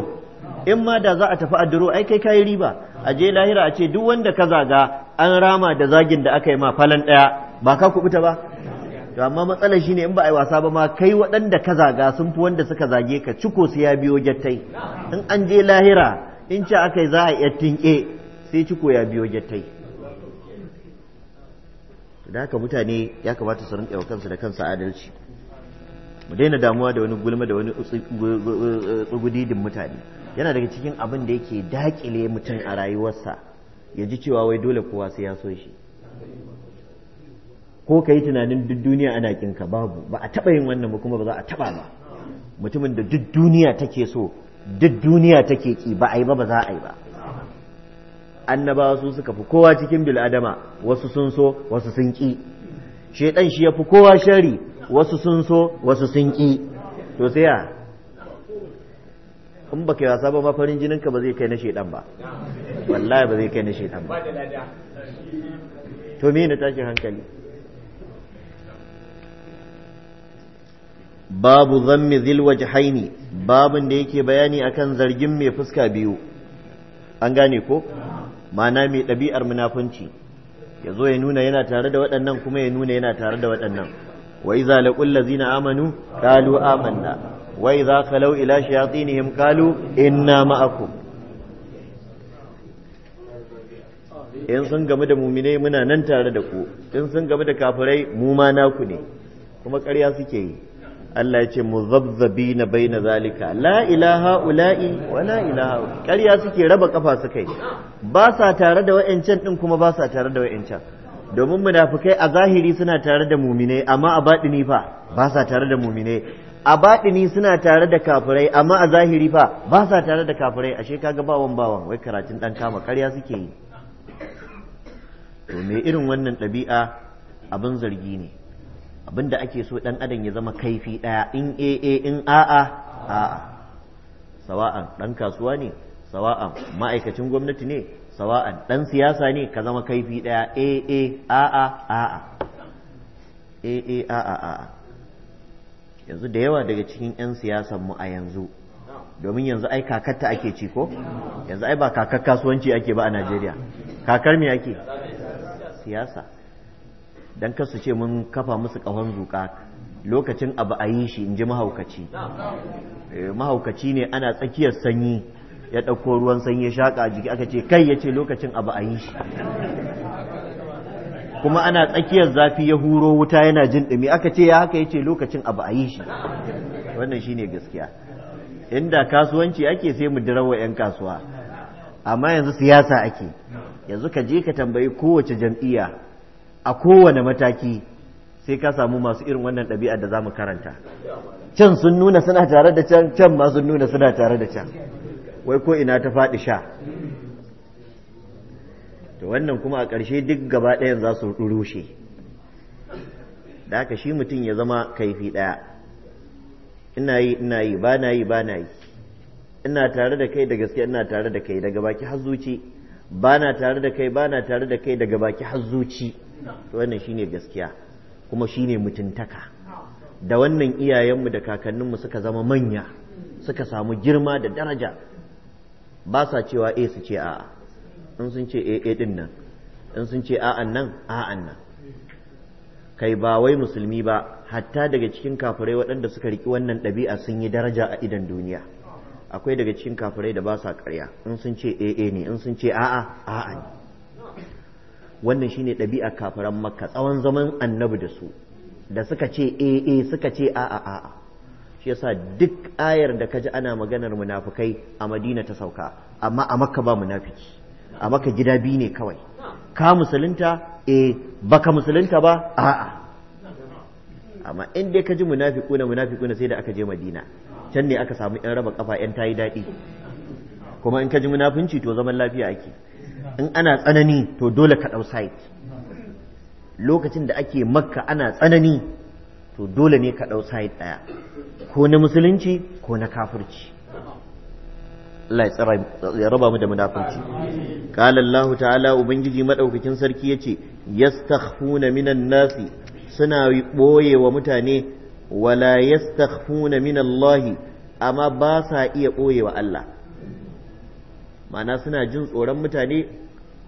in ma da za a tafi a duro ai kai kayi riba a je lahira a ce duk wanda ka zaga an rama da zagin da aka yi ma falan ɗaya ba ka kubuta ba to amma matsalar shine in ba a wasa ba ma kai waɗanda ka zaga sun fi wanda suka zage ka ciko su ya biyo jattai in an je lahira in ce aka yi za a iya tinke sai ciko ya biyo jattai da haka mutane ya kamata su rinƙa kansu da kansa adalci mu daina damuwa da wani gulma da wani tsugudidin mutane yana daga cikin abin da yake dakile mutum a rayuwarsa ya ji cewa wai dole kowa sai ya so shi ko ka yi tunanin duk duniya ana kinka babu ba a taɓa yin wannan ba kuma ba za a taɓa ba mutumin da duk duniya take so duk duniya take ki ba a yi ba ba za a yi ba annabawa su suka fi kowa cikin bil'adama wasu sun so wasu sun ki shi ya fi kowa shari wasu sun so wasu sun ƙi to sai ya in baka yi wasa ba ma farin jinin ka ba zai kai na shaidan ba wallahi ba zai kai na shaidan ba to me na tashin hankali babu zammi zil haini babin da yake bayani akan zargin mai fuska biyu an gane ko ma'ana mai ɗabi'ar munafunci ya zo ya nuna yana tare da waɗannan kuma ya nuna yana tare da waɗannan وإذا لقوا الذين آمنوا قالوا آمنا وإذا خلوا إلى شياطينهم قالوا إنا معكم in sun gamu da mumine muna nan tare da ku in sun gamu da kafirai mu ma naku ne kuma ƙarya suke yi Allah ya ce muzabzabi na bai na zalika la ilaha ula'i wa la ilaha ƙarya suke raba kafa su kai ba sa tare da wa'ancan ɗin kuma ba sa tare da wa'ancan domin munafukai a zahiri suna tare da muminai amma a baɗini fa ba sa tare da muminai a baɗini suna tare da kafirai amma a zahiri fa ba sa tare da kafirai ashe kaga bawan bawan wai karatun ɗan kama karya suke yi to me irin wannan ɗabi'a abin zargi ne abin da ake so ɗan adam ya zama kaifi ɗaya in aa in a'a a'a sawa'an ɗan kasuwa ne sawa'an ma'aikacin gwamnati ne sawa'an dan siyasa ne ka zama kaifi daya a a a a a a a a a a yanzu da yawa daga cikin 'yan siyasan mu a yanzu domin yanzu ai kakatta ake ci ko yanzu ai ba kakar kasuwanci ake ba a najeriya kakar me ake siyasa don kasu ce mun kafa musu ƙahon zuƙa lokacin abu a yi shi in ji mahaukaci eh, mahaukaci ne ana tsakiyar sanyi ya ɗauko ruwan sanyi ya shaƙa a jiki aka ce kai ya ce lokacin abu a yi shi kuma ana tsakiyar zafi ya huro wuta yana jin ɗumi aka ce ya haka ya ce lokacin abu a yi shi wannan shi ne gaskiya inda kasuwanci ake sai mu dirawa 'yan kasuwa amma yanzu siyasa ake yanzu ka je ka tambayi kowace jam'iyya a kowane mataki sai ka samu masu irin wannan ɗabi'a da za mu karanta can sun nuna suna tare da can can ma sun nuna suna tare da can wai ko ina ta faɗi sha to wannan kuma a ƙarshe duk gaba ɗayan za su rushe da haka shi mutum ya zama kaifi ɗaya ina yi ina yi ba na yi ba na yi ina tare da kai da gaske ina tare da kai daga baki har zuci ba na tare da kai ba na tare da kai daga baki har zuci to wannan shine gaskiya kuma shine mutuntaka da wannan iyayenmu da kakanninmu suka zama manya suka samu girma da daraja ba sa cewa A su ce a'a in sun ce a din nan in sun ce a'an nan a'an nan kai ba wai musulmi ba hatta daga cikin kafirai waɗanda suka riki wannan ɗabi'a sun yi daraja a idan duniya akwai daga cikin kafirai da ba sa ƙarya in sun ce a ne in sun ce a'a a'a ne wannan shine ɗabi'a kafiran makka tsawon zaman annabi da su da suka ce suka ce a'a a'a shi yasa duk ayar da kaji ana maganar munafukai a Madina ta sauka amma a Makka ba munafiki a Makka gida biyu ne kawai ka musulunta eh baka musulunta ba a'a amma in dai kaji munafiquna na sai da aka je Madina can ne aka samu yan raba kafa yan tayi daɗi kuma in kaji munafunci to zaman lafiya ake in ana tsanani to dole ka ɗau site lokacin da ake makka ana tsanani to dole ne ka ɗau side ɗaya ko na musulunci ko na kafurci. Allah ya raba mu da munafurci qala Allah ta'ala ubangiji madaukakin sarki yace yastakhfuna minan nasi suna boye wa mutane wala yastakhfuna min Allah amma ba sa iya boye wa Allah ma'ana suna jin tsoron mutane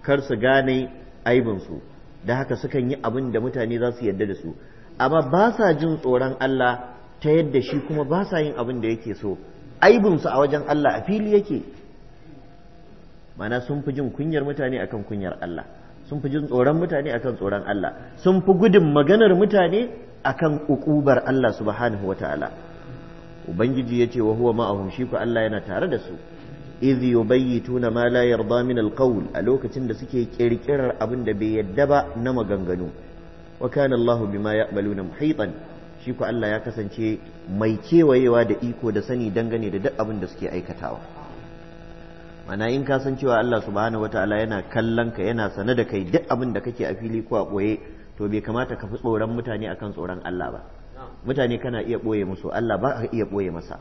kar su gane aibinsu, su da haka sukan yi abin da mutane za su yarda da su amma ba sa jin tsoron Allah ta yadda shi kuma ba sa yin abin da yake so aibinsu a wajen Allah a fili yake mana sun fi jin kunyar mutane akan kunyar Allah sun fi jin tsoron mutane akan tsoron Allah sun fi gudun maganar mutane akan ukubar Allah subhanahu wa ta'ala ubangiji ya ce wa huwa ma'ahum shi ku Allah yana tare da su idh yubayyituna ma la yarda min alqawl a lokacin da suke kirkirar abin da bai yadda ba na maganganu wa kana Allahu bima ya'maluna muhitan shi ku Allah ya kasance mai kewayewa da iko da sani dangane da duk abin da suke aikatawa mana in ka san cewa Allah subhanahu wataala yana kallon ka yana sane da kai duk abin da kake a fili ko a boye to bai kamata ka fi tsoron mutane akan tsoron Allah ba mutane kana iya boye musu Allah ba ka iya boye masa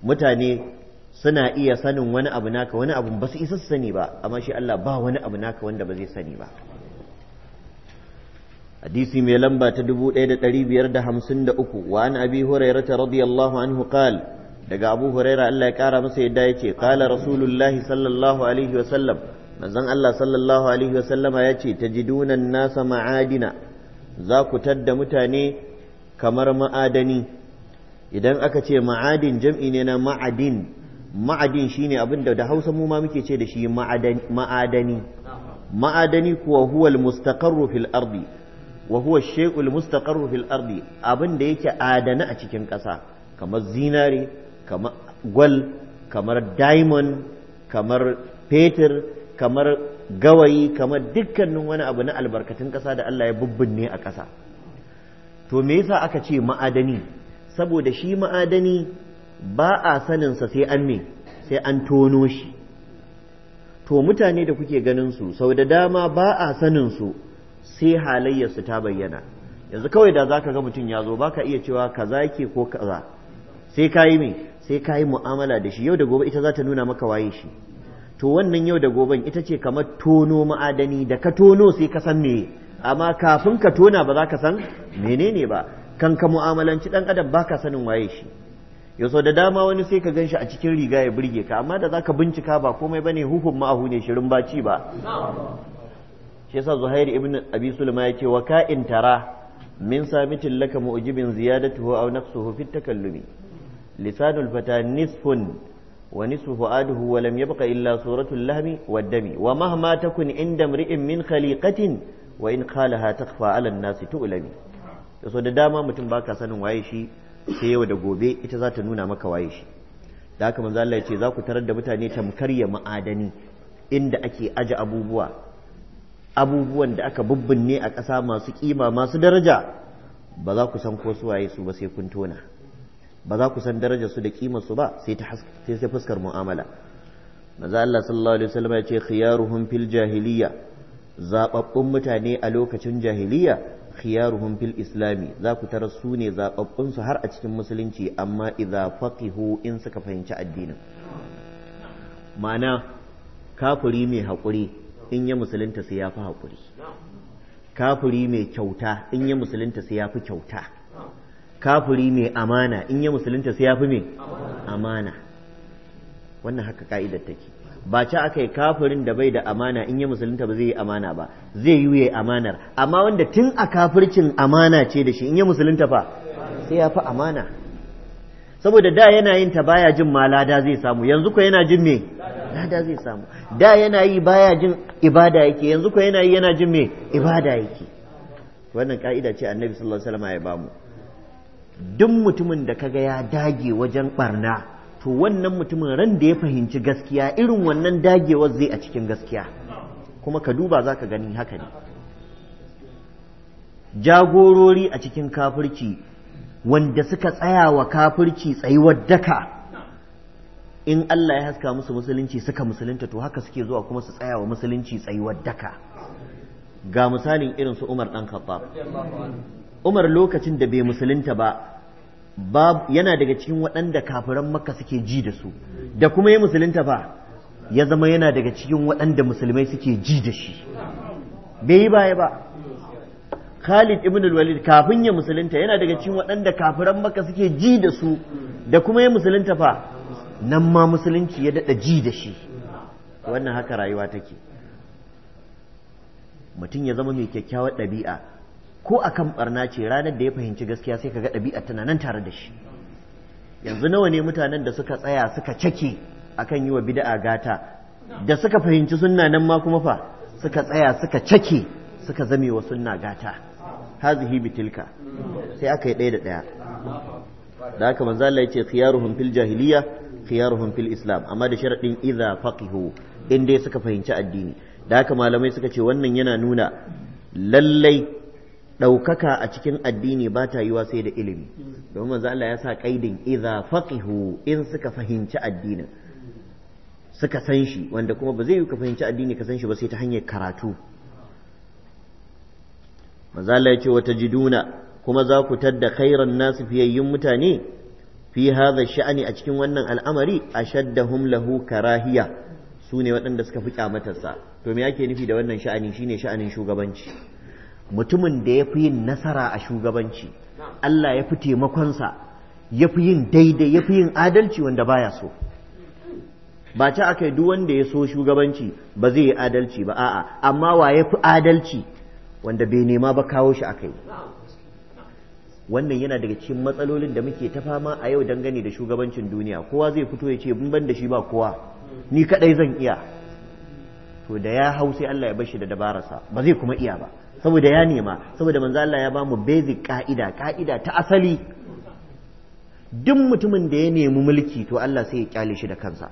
mutane suna iya sanin wani abu naka wani abu ba su isa su sani ba amma shi Allah ba wani abu naka wanda ba zai sani ba hadisi mai lamba ta 1553 wa an abi hurairata radiyallahu anhu qal daga abu huraira Allah ya kara masa yadda yace qala rasulullahi sallallahu alaihi wa sallam manzon Allah sallallahu alaihi wa sallama yace tajiduna an-nasa ma'adina za ku tadda mutane kamar ma'adani idan aka ce ma'adin jam'i ne na ma'adin ma'adin shine abin da da Hausa mu ma muke ce da shi ma'adani ma'adani kuwa huwal mustaqarru fil ardi wa huwa shay'ul mustaqarru fil ardi abin da yake adana a cikin ƙasa kamar zinari kamar gwal kamar diamond kamar fetur kamar gawayi kamar dukkanin wani abu na albarkatun ƙasa da Allah ya bubbunne a ƙasa to me yasa aka ce ma'adani saboda shi ma'adani ba a saninsa sai an me sai an tono shi to mutane da kuke ganin su sau da dama ba a sanin su sai halayyarsu ta bayyana yanzu kawai da za ka ga mutum ya zo ba ka iya cewa kaza yake ko kaza sai ka yi mai sai ka yi mu'amala da shi yau da gobe ita za ta nuna maka waye shi to wannan yau da goben ita ce kamar tono ma'adani da ka tono sai ka san me amma kafin ka tona ba za ka san menene ba kan ka mu'amalanci dan adam ba ka sanin waye shi yau sau da dama wani sai ka gan shi a cikin riga ya burge ka amma da za ka bincika ba komai ne huhun ma'ahu ne shirin baci ba shi yasa zuhair ibn abi sulma yace wa ka'in tara min sabitin laka mu'jibin ziyadatuhu aw naqsuhu fi takallumi lisanul fata nisfun wa nisfu fu'aduhu wa lam yabqa illa suratul lahmi wad dami wa mahma takun inda mri'in min khaliqatin wa in qalaha takfa 'ala an-nasi tu'lami so da dama mutum baka sanin waye shi sai yau da gobe ita za ta nuna maka waye shi da haka manzo Allah ya ce za ku tarar da mutane tamkar ya ma'adani inda ake aje abubuwa abubuwan da aka bubbinne a ƙasa masu ƙima masu daraja ba za ku san ko su waye su ba sai kun tona ba za ku san daraja su da ƙimar su ba sai ta sai fuskar mu'amala manzo Allah sallallahu alaihi wasallam ya ce khiyaruhum fil jahiliya zababbun mutane a lokacin jahiliya khiyaruhum fil islami za ku tarar su ne zababbun su har a cikin musulunci amma idza faqihu in suka fahimci addinin ma'ana kafuri mai haƙuri in ya musulunta sai ya fi haƙuri kafuri mai kyauta in ya musulunta sai ya fi kyauta kafuri mai amana in ya musulunta sai ya fi mai amana wannan haka ka'idar take ba ci aka yi kafirin da bai da amana in ya musulunta ba zai yi amana ba zai yi ya amanar amma wanda tun a kafircin amana ce da shi in ya musulunta fa sai ya fi amana saboda da yana yin ta baya jin ma lada zai samu yanzu ko yana jin me lada zai samu da yana yi baya jin ibada yake yanzu ko yana yi yana jin me ibada yake wannan ka'ida ce annabi sallallahu alaihi wasallam ya bamu duk mutumin da kaga ya dage wajen barna to wannan mutumin ran da ya fahimci gaskiya irin wannan dagewar zai a cikin gaskiya kuma ka duba za ka gani haka ne jagorori a cikin kafirci wanda suka tsaya wa kafirci tsayuwar daka in Allah ya haska musu musulunci suka musulunta to haka suke zuwa kuma su tsaya wa musulunci tsayuwar daka ga misalin irin su Umar dan Khattab Umar lokacin da bai musulunta ba yana daga cikin waɗanda kafiran makka suke ji da su da kuma ya musulunta ba ya zama yana daga cikin waɗanda musulmai suke ji da shi bai yi baya ba Khalid ibn al-Walid kafin ya musulunta yana daga cikin waɗanda kafiran maka suke ji da su da kuma ya musulunta fa nan ma musulunci ya daɗa ji da shi wannan haka rayuwa take mutum ya zama mai kyakkyawar ɗabi'a ko a kan ɓarna ce ranar da ya fahimci gaskiya sai kaga ɗabi'a tana nan tare da shi yanzu nawa ne mutanen da suka tsaya suka cake akan yi wa bid'a gata da suka fahimci sunna nan ma kuma fa suka tsaya suka cake suka zame wa sunna gata hazihi bitilka sai aka yi ɗaya da ɗaya da haka manzo Allah yace khiyaruhum fil jahiliya khiyaruhum fil islam amma da sharadin idza faqihu in dai suka fahimci addini da haka malamai suka ce wannan yana nuna lallai ɗaukaka a cikin addini ba ta yiwa sai da ilimi domin manzo Allah ya sa kaidin idza faqihu in suka fahimci addinin suka san shi wanda kuma ba zai yi ka fahimci addini ka san shi ba sai ta hanyar karatu Mazalla yace ya ce kuma za ku tadda khairan nasu fiyayyun mutane fi hadha sha'ani a cikin wannan al'amari ashaddahum lahu karahiya su ne waɗanda suka fi kyamatarsa to me ake nufi da wannan sha'ani shine sha'anin shugabanci mutumin da ya fi yin nasara a shugabanci Allah ya fi taimakonsa ya fi yin daidai ya fi yin adalci wanda baya so ba ta aka duk wanda ya so shugabanci ba zai yi adalci ba a'a amma wa ya fi adalci wanda bai nema ba kawo shi aka yi wannan yana daga cikin matsalolin da muke ta fama a yau dangane da shugabancin duniya kowa zai fito ya ce ban da shi ba kowa ni kadai zan iya to da ya hau sai Allah ya bashi da dabararsa ba zai kuma iya ba saboda ya nema saboda manzo Allah ya ba mu basic ka'ida ka'ida ta asali duk mutumin da ya nemi mulki to Allah sai ya kyale shi da kansa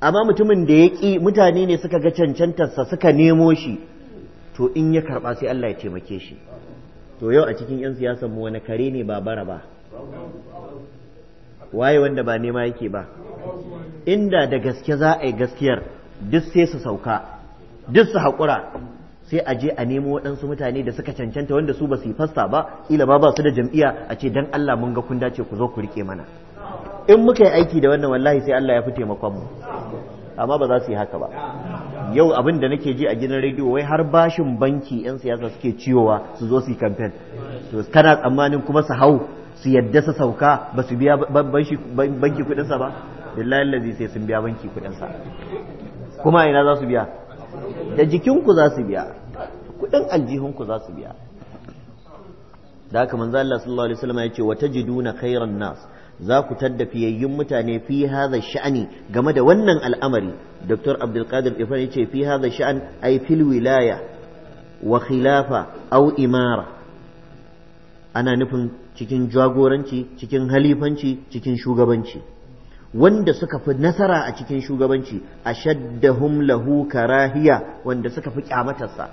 amma mutumin da ya ki mutane ne suka ga cancantarsa suka nemo shi to in ya karɓa sai Allah ya taimake shi to yau a cikin 'yan siyasar mu wani kare ne ba bara ba waye wanda ba nema yake ba inda da gaske za a yi gaskiyar duk sai su sauka duk su haƙura sai a je a nemo waɗansu mutane da suka cancanta wanda su ba su yi fasta ba ila ba ba su da jam'iyya a ce dan Allah mun ga kun dace ku zo ku rike mana in muka yi aiki da wannan wallahi sai Allah ya fi taimakon mu amma ba za su yi haka ba yau abin da nake ji a gidan rediyo wai har bashin banki 'yan siyasa suke ciwowa su zo su yi kamfen to kana tsammanin kuma su hau su yadda su sauka ba su biya banki kudinsa ba billahi lazi sai sun biya banki kudinsa kuma ina za su biya da jikinku za su biya kudin aljihunku za su biya da haka manzo Allah sallallahu alaihi wasallam ya ce wa tajiduna khairan nas za ku tadda fiyayyun mutane fi hadha sha'ani game da wannan al'amari dr abdulkadir ifan yace fi hadha sha'an ay fil wilaya wa khilafa aw imara ana nufin cikin jagoranci cikin halifanci cikin shugabanci wanda suka fi nasara a cikin shugabanci ashaddahum lahu karahiya wanda suka fi kyamatarsa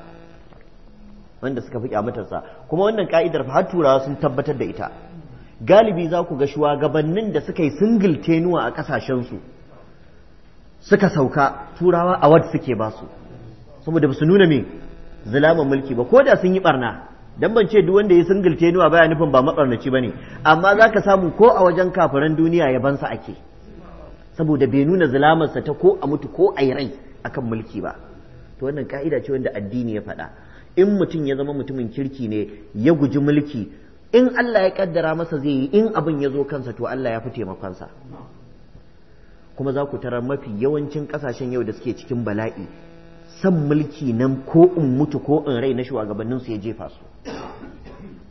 wanda suka fi kyamatarsa kuma wannan ka'idar fa har turawa sun tabbatar da ita galibi za ku ga shugabannin da suka yi singil tenuwa a ƙasashensu suka sauka turawa award suke ba su saboda ba su nuna min zulaman mulki ba ko da sun yi barna don ban ce duk wanda ya singil tenuwa baya nufin ba mabarnaci ne. amma za ka samu ko a wajen kafiran duniya ya bansa ake saboda bai nuna zulamarsa ta ko a mutu ko a yi rai akan mulki ba to wannan ka'ida ce wanda addini ya faɗa in mutum ya zama mutumin kirki ne ya guji mulki in Allah ya kaddara masa zai yi in abin ya zo kansa to Allah ya fi taimakonsa kuma za ku tarar mafi yawancin kasashen yau da suke cikin bala'i san mulki nan ko in mutu ko in rai na shugabannin su ya jefa su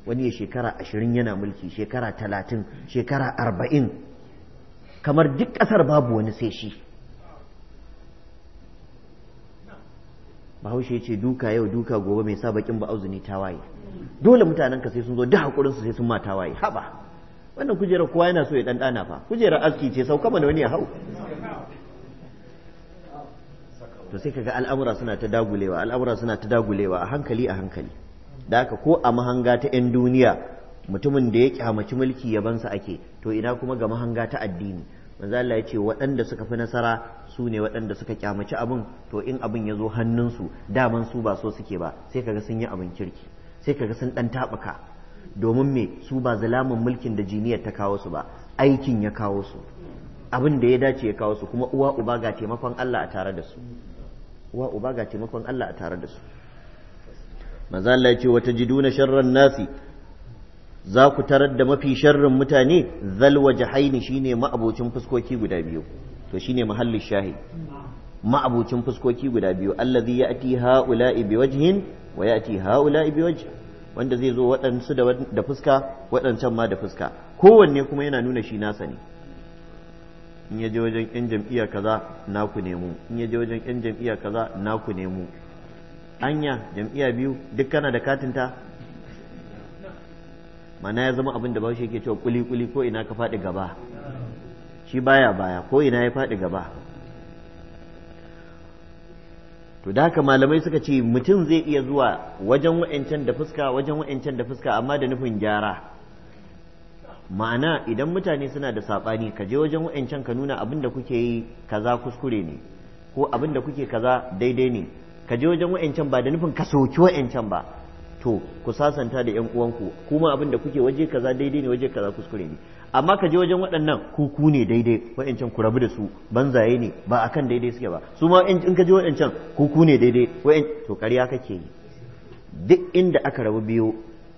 wani ya shekara ashirin yana mulki shekara talatin shekara arba'in kamar duk ƙasar babu wani sai shi bahaushe ya ce duka yau duka gobe mai sa bakin ba ta waye dole mutanen ka sai sun zo duk hakurin su sai sun mata waye haba wannan kujerar kowa yana so ya dan dana fa kujerar aski ce sauka mana wani ya hau to sai kaga al'amura suna ta dagulewa al'amura suna ta dagulewa a hankali a hankali da haka ko a mahanga ta 'yan duniya mutumin da ya kyamaci mulki ya yabansa ake to ina kuma ga mahanga ta addini manzo Allah ya ce waɗanda suka fi nasara su ne waɗanda suka kyamaci abin to in abin ya zo hannunsu daman su ba so suke ba sai kaga sun yi abin kirki sai kaga sun dan tabuka domin me su ba zalamin mulkin da jiniyar ta kawo su ba aikin ya kawo su abin da ya dace ya kawo su kuma uwa uba ga taimakon Allah a tare da su uwa uba ga taimakon Allah a tare da su manzo Allah ya ce wata jiduna sharran nasi za ku tarar da mafi sharrin mutane zalwa jahaini shine ma'abocin fuskoki guda biyu to shine mahallin shahi ma'abocin fuskoki guda biyu allazi ya'ti ha'ula'i biwajhin wa yati haula'i biwajh wanda zai zo waɗansu da fuska waɗancan ma da fuska kowanne kuma yana nuna shi nasa ne in ya je wajen yan jam'iyya kaza naku ne mu in ya je wajen yan jam'iyya kaza naku ne mu anya jam'iyya biyu duk kana da katinta mana ya zama abin da bahaushe yake cewa kuli kuli ko ina ka faɗi gaba shi baya baya ko ina ya faɗi gaba to da haka malamai suka ce mutum zai iya zuwa wajen wa'ancan da fuska wajen wa'ancan da fuska amma da nufin gyara ma'ana idan mutane suna da saɓani ka je wajen wa'ancan ka nuna abin da kuke yi kaza kuskure ne ko abin da kuke kaza daidai ne ka je wajen wa'ancan ba da nufin ka soki wa'ancan ba to ku sasanta da yan uwanku kuma abin da kuke waje kaza daidai ne waje kaza kuskure ne amma ka je wajen waɗannan kuku ne daidai wa'ancan ku rabu da su banzaye ne ba a kan daidai suke ba su ma in ka je waɗancan kuku ne daidai to ƙarya kake yi duk inda aka rabu biyu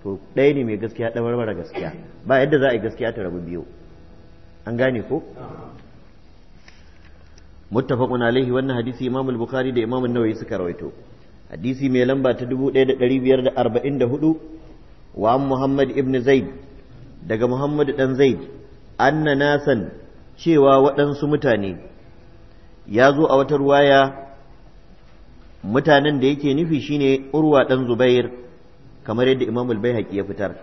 to ɗaya ne mai gaskiya ɗan warware gaskiya ba yadda za a yi gaskiya ta rabu biyu an gane ko muttafaqun alaihi wannan hadisi imam al-bukhari da imam an-nawawi suka rawaito hadisi mai lamba ta 1544 wa muhammad ibn zaid daga Muhammadu ɗan Zaid anna nasan cewa waɗansu mutane ya zo a wata ruwaya mutanen da yake nufi shine urwa ɗan Zubair kamar yadda Imam al ya fitar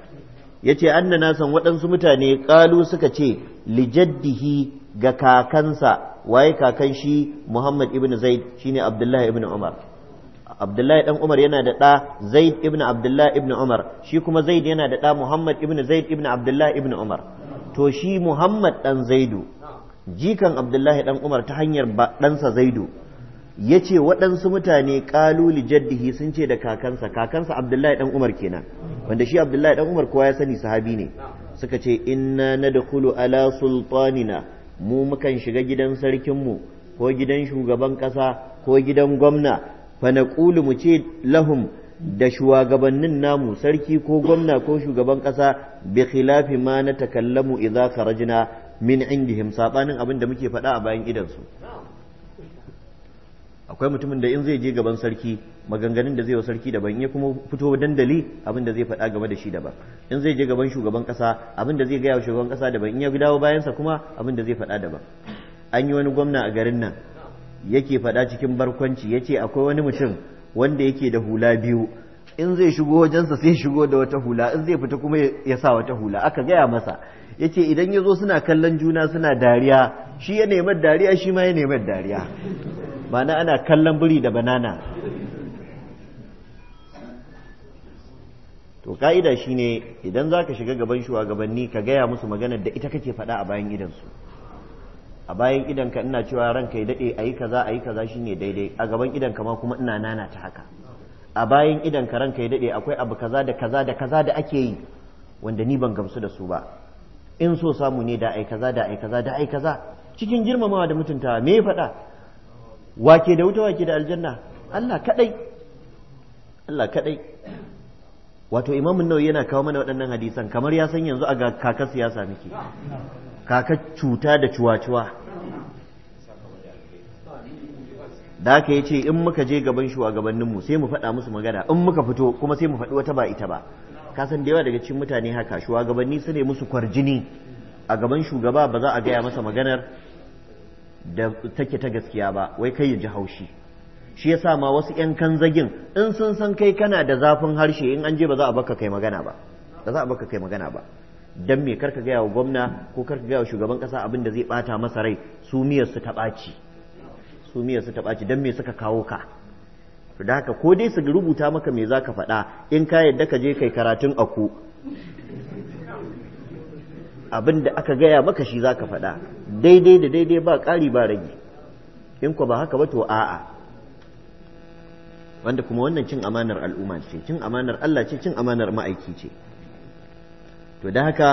yace anna nasan waɗansu mutane ƙalu suka ce lijaddihi ga kakansa waye kakan shi Muhammad ibn Zaid shine Abdullahi ibn Umar Abdullahi dan Umar yana da ɗa Zaid ibn Abdullahi ibn Umar shi kuma Zaid yana da ɗa Muhammad ibn Zaid ibn Abdullahi ibn Umar to shi Muhammad ɗan Zaidu jikan Abdullahi dan Umar ta hanyar ɗansa Zaidu ya ce waɗansu mutane ƙalu li jaddihi sun ce da kakansa kakansa Abdullahi dan Umar kenan wanda shi Abdullahi dan Umar kowa ya sani sahabi ne suka ce inna nadkhulu ala sultanina mu mukan shiga gidan sarkinmu ko gidan shugaban ƙasa ko gidan gwamna fa naqulu mu ce lahum da shugabannin namu sarki ko gwamna ko shugaban kasa bi khilafi ma na takallamu idza kharajna min indihim sabanin abin da muke faɗa a bayan idan su akwai mutumin da in zai je gaban sarki maganganun da zai wa sarki daban ya kuma fito dandali abin da zai faɗa game da shi daban in zai je gaban shugaban ƙasa abin da zai gaya wa shugaban ƙasa daban in ya dawo bayansa kuma abin da zai faɗa daban an yi wani gwamna a garin nan yake faɗa cikin barkwanci yace akwai wani mutum wanda yake da hula biyu in zai shigo wajensa sai shigo da wata hula in zai fita kuma ya sa wata hula aka gaya masa yace idan ya zo suna kallon juna suna dariya shi ya neman dariya shi ma ya neman dariya ma'ana ana kallon biri da banana to ka'ida shi ne idan za ka shiga gaban shugabanni ka gaya musu maganar da ita kake faɗa a bayan idansu a bayan idanka ina cewa ranka ya dade ayi kaza ayi kaza shine daidai a gaban idanka ma kuma ina nana ta haka a bayan idanka ranka ya dade akwai abu kaza da kaza da kaza da ake yi wanda ni ban gamsu da su ba in so samu ne da ai kaza da ai kaza da ai kaza cikin girmamawa da mutuntawa me ya faɗa wake da wuta wake da aljanna Allah kadai Allah kadai wato imamun nawawi yana kawo mana waɗannan hadisan kamar ya san yanzu a ga kakar siyasa muke Kaka cuta da cuwa-cuwa da aka yi ce in muka je gaban shugabanninmu sai mu faɗa musu magana in muka fito kuma sai mu faɗi wata ba ita ba kasan da yawa daga cikin mutane haka shugabanni su ne musu kwarjini a gaban shugaba ba za a gaya masa maganar da take ta gaskiya ba wai kai ya ji haushi shi yasa ma wasu 'yan kanzagin in sun san kai kana da zafin harshe in an je magana ba za a baka kai magana ba dan me karka gaya wa gwamna ko karka gaya wa shugaban kasa abin da zai bata masa rai su miyar su ta ɓaci su miyar su ta ɓaci dan me suka kawo ka to da haka ko dai su rubuta maka me zaka faɗa in ka yadda ka je kai karatun aku abin da aka gaya maka shi zaka faɗa daidai da daidai ba ƙari ba rage in ko ba haka ba to a'a wanda kuma wannan cin amanar al'umma ce cin amanar Allah ce cin amanar ma'aiki ce to da haka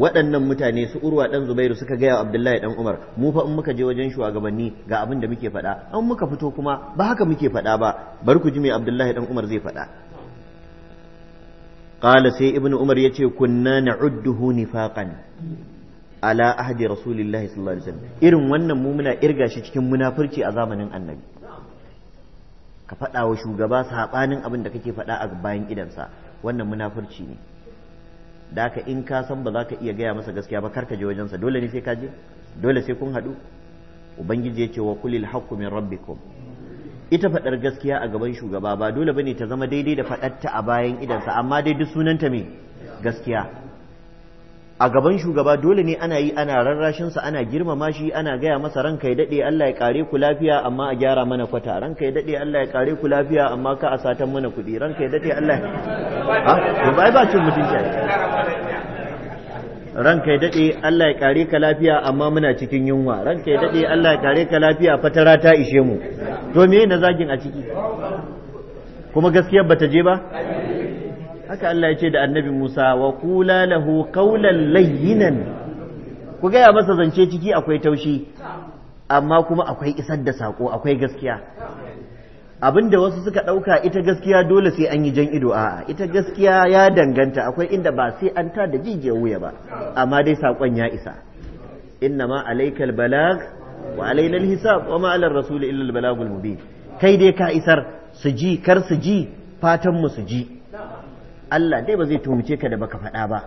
waɗannan mutane su urwa ɗan zubairu suka gaya abdullahi ɗan umar mu fa in muka je wajen shugabanni ga abin da muke faɗa an muka fito kuma ba haka muke faɗa ba bar ku ji me abdullahi ɗan umar zai faɗa qala sai ibnu umar ya ce, kunna na'udduhu nifaqan ala ahdi Rasulillah sallallahu alaihi wasallam irin wannan mu muna irga shi cikin munafurci a zamanin annabi ka fada wa shugaba saɓanin abin da kake faɗa a bayan idansa wannan munafurci ne da haka in ka san ba za ka iya gaya masa gaskiya ba kar ka je wajensa dole ne sai ka je dole sai kun haɗu ubangiji ya ce wa kulil haqqu min rabbikum ita faɗar gaskiya a gaban shugaba ba dole bane ta zama daidai da faɗarta a bayan idansa amma dai duk sunanta me gaskiya a gaban shugaba dole ne ana yi ana sa ana girmama shi ana gaya masa ranka ya daɗe Allah ya kare ku lafiya amma a gyara mana kwata ranka ya daɗe Allah ya kare ku lafiya amma ka a satan mana kuɗi ranka ya daɗe Allah <laughs> ha bai ba cin mutunci ranka ya dade Allah ya kare ka lafiya amma muna cikin yunwa ranka ya daɗe Allah ya kare ka lafiya fatara ta ishe mu to me na zagin a ciki kuma gaskiyar bata je ba haka Allah ya ce da annabi Musa wa kula lahu qawlan layyinan ku gaya masa zance ciki akwai taushi amma kuma akwai isar da sako akwai gaskiya abinda wasu suka ɗauka ita gaskiya dole sai an yi jan ido a'a ita gaskiya ya danganta akwai inda ba sai an ta da jijiyar wuya ba amma dai sakon ya isa inna ma alaikal balag wa alaina alhisab wa ma ala rasul illa albalagul mubin kai dai ka isar su ji kar su ji fatan mu su ji Allah dai ba zai ka da baka faɗa ba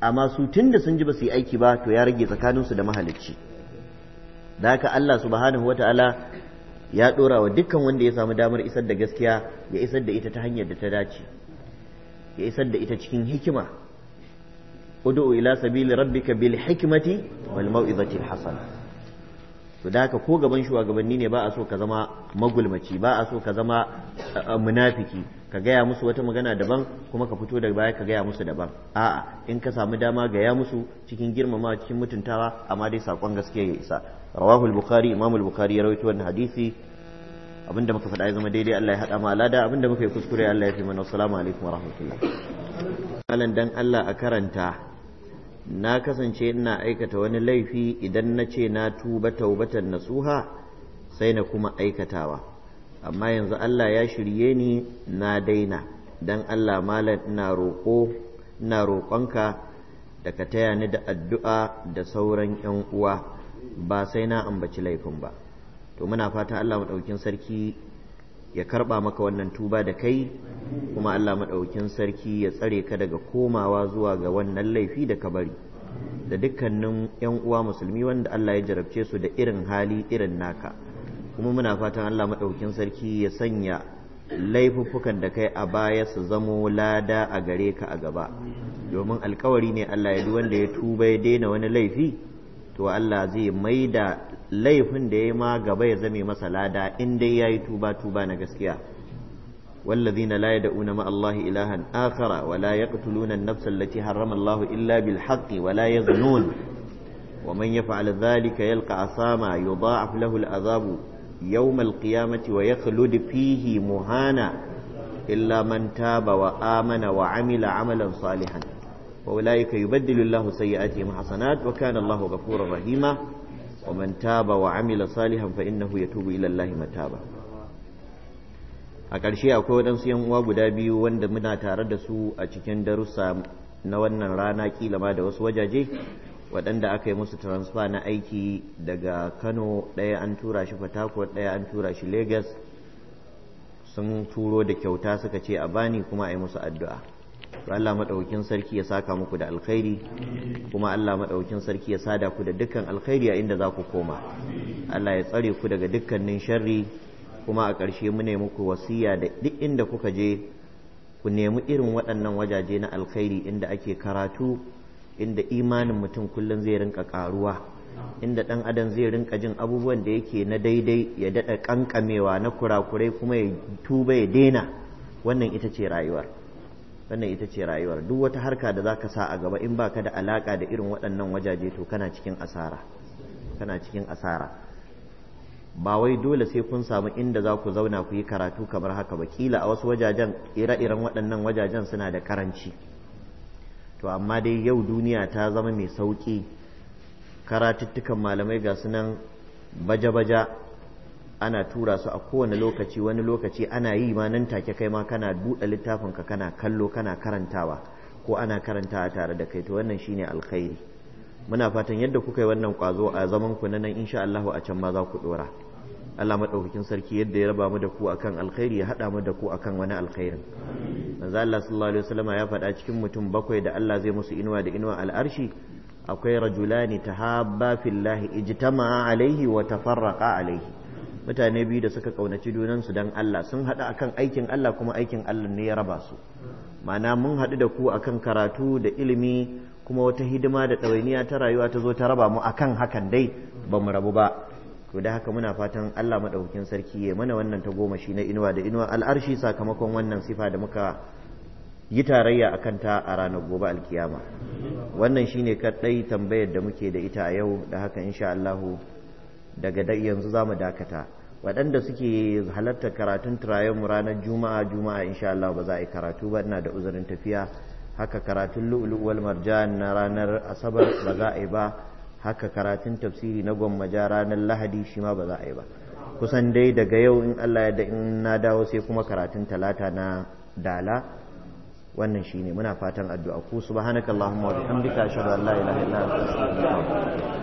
amma su tunda sun ji ba su yi aiki ba to ya rage tsakaninsu da mahalicci da haka Allah subhanahu wataala ya ɗora wa dukkan wanda ya samu damar isar da gaskiya ya isar da ita ta hanyar da ta dace ya isar da ita cikin hikima ud'u ila sabili rabbika bil hikmati wal mau'izati al hasana su da haka ko gaban shugabanni ne ba a so ka zama magulmaci ba a so ka zama munafiki ka gaya musu wata magana daban kuma ka fito daga baya ka gaya musu daban a'a in ka samu dama gaya musu cikin girmama cikin mutuntawa amma dai sakon gaskiya ya isa rawahu al-bukhari imam al-bukhari ya rawaito wannan hadisi abinda muka faɗa ya zama daidai Allah ya haɗa mu alada abinda muka yi kuskure Allah ya fi mana assalamu alaikum wa alan dan Allah a karanta na kasance ina aikata wani laifi idan na ce na tuba taubatan nasuha sai na kuma aikatawa amma yanzu Allah ya shirye ni na daina dan Allah malam ina roƙo ina roƙonka da ka taya ni da addu'a da sauran ƴan uwa ba sai na ambaci laifin ba to muna fata Allah maɗaukin sarki ya karba maka wannan tuba da kai kuma Allah maɗaukin sarki ya tsare ka daga komawa zuwa ga wannan laifi da ka bari da dukkanin 'yan uwa musulmi wanda Allah ya jarabce su da irin hali irin naka kuma muna fatan Allah maɗaukin sarki ya sanya laifuffukan da kai a baya su zamo lada a gare ka a gaba domin alkawari ne Allah ya duk wanda ya tuba ya daina wani laifi to Allah zai maida laifin da ya ma gaba ya zame masa lada in dai yayi tuba tuba na gaskiya والذين لا يدعون مع الله إلها آخر ولا يقتلون النفس التي حرم الله إلا بالحق ولا يزنون ومن يفعل ذلك يلقى عصاما يضاعف له العذاب يوم القيامة ويخلد فيه مهانا إلا من تاب وآمن وعمل عملا صالحا وأولئك يبدل الله سيئاتهم حسنات وكان الله غفورا رحيما ومن تاب وعمل صالحا فإنه يتوب إلى الله متابا a ƙarshe akwai waɗansu yan uwa guda biyu wanda muna tare da su a cikin darussa na wannan rana kila ma da wasu wajaje waɗanda aka yi musu transfer na aiki daga kano ɗaya an tura shi fatakwal ɗaya an tura shi lagos sun turo da kyauta suka ce a bani kuma a yi musu addu'a to Allah maɗaukin sarki ya saka muku da alkhairi kuma Allah maɗaukin sarki ya sada ku da dukkan alkhairi a inda za ku koma Allah ya tsare ku daga dukkanin sharri kuma a ƙarshe mu ne muku wasiya da duk inda kuka je ku nemi irin waɗannan wajaje na alkhairi inda ake karatu inda imanin mutum kullum zai rinka karuwa inda ɗan adam zai rinka jin abubuwan da yake na daidai ya daɗa ƙanƙamewa na kurakurai kuma ya tuba ya daina wannan ita ce rayuwar wannan ita ce rayuwar duk wata harka da zaka sa a gaba in baka da alaka da irin waɗannan wajaje to kana cikin asara kana cikin asara ba wai dole sai kun samu inda za ku zauna ku yi karatu kamar haka ba kila a wasu wajajen ire-iren waɗannan wajajen suna da karanci to amma dai yau duniya ta zama mai sauƙi karatuttukan malamai ga sunan baja-baja ana tura su a kowane lokaci wani lokaci ana yi ma nan take kai ma kana buɗe littafin ka kana kallo kana karantawa ko ana karantawa tare da kai to wannan shine alkhairi muna fatan yadda kuka yi wannan kwazo a zaman ku na nan insha Allah a can ma za ku dora Allah madaukakin sarki yadda ya raba mu da ku akan alkhairi ya hada mu da ku akan wani alkhairin manzo Allah sallallahu alaihi wasallam ya faɗa cikin mutum bakwai da Allah zai musu inuwa da inuwa al'arshi akwai rajulani tahabba fillahi ijtama'a alaihi wa tafarraqa alaihi mutane biyu da suka kaunaci junansu don Allah sun haɗu akan aikin Allah kuma aikin Allah ne ya raba su ma'ana mun haɗu da ku akan karatu da ilimi kuma wata hidima da ɗawainiya ta rayuwa ta zo ta raba mu akan hakan dai ba mu rabu ba to da haka muna fatan Allah maɗaukakin sarki ya mana wannan ta goma shi na inuwa da inuwa al'arshi sakamakon wannan sifa da muka yi tarayya a ta a ranar gobe alkiyama wannan shine kaɗai tambayar da muke da ita a yau da haka insha Allahu daga da yanzu za mu dakata waɗanda suke halarta karatun turayen mu ranar juma'a juma'a insha Allah ba za a yi karatu ba ina da uzurin tafiya haka karatun lu'lu'u marjan na ranar asabar ba za a yi ba haka karatun tafsiri na gwammaja ranar lahadi shi ma ba za a yi ba kusan dai daga yau in Allah ya da in na dawo sai kuma karatun talata na dala wannan shine muna fatan addu'a ku subhanakallahumma wa bihamdika ashhadu an la ilaha illa anta astaghfiruka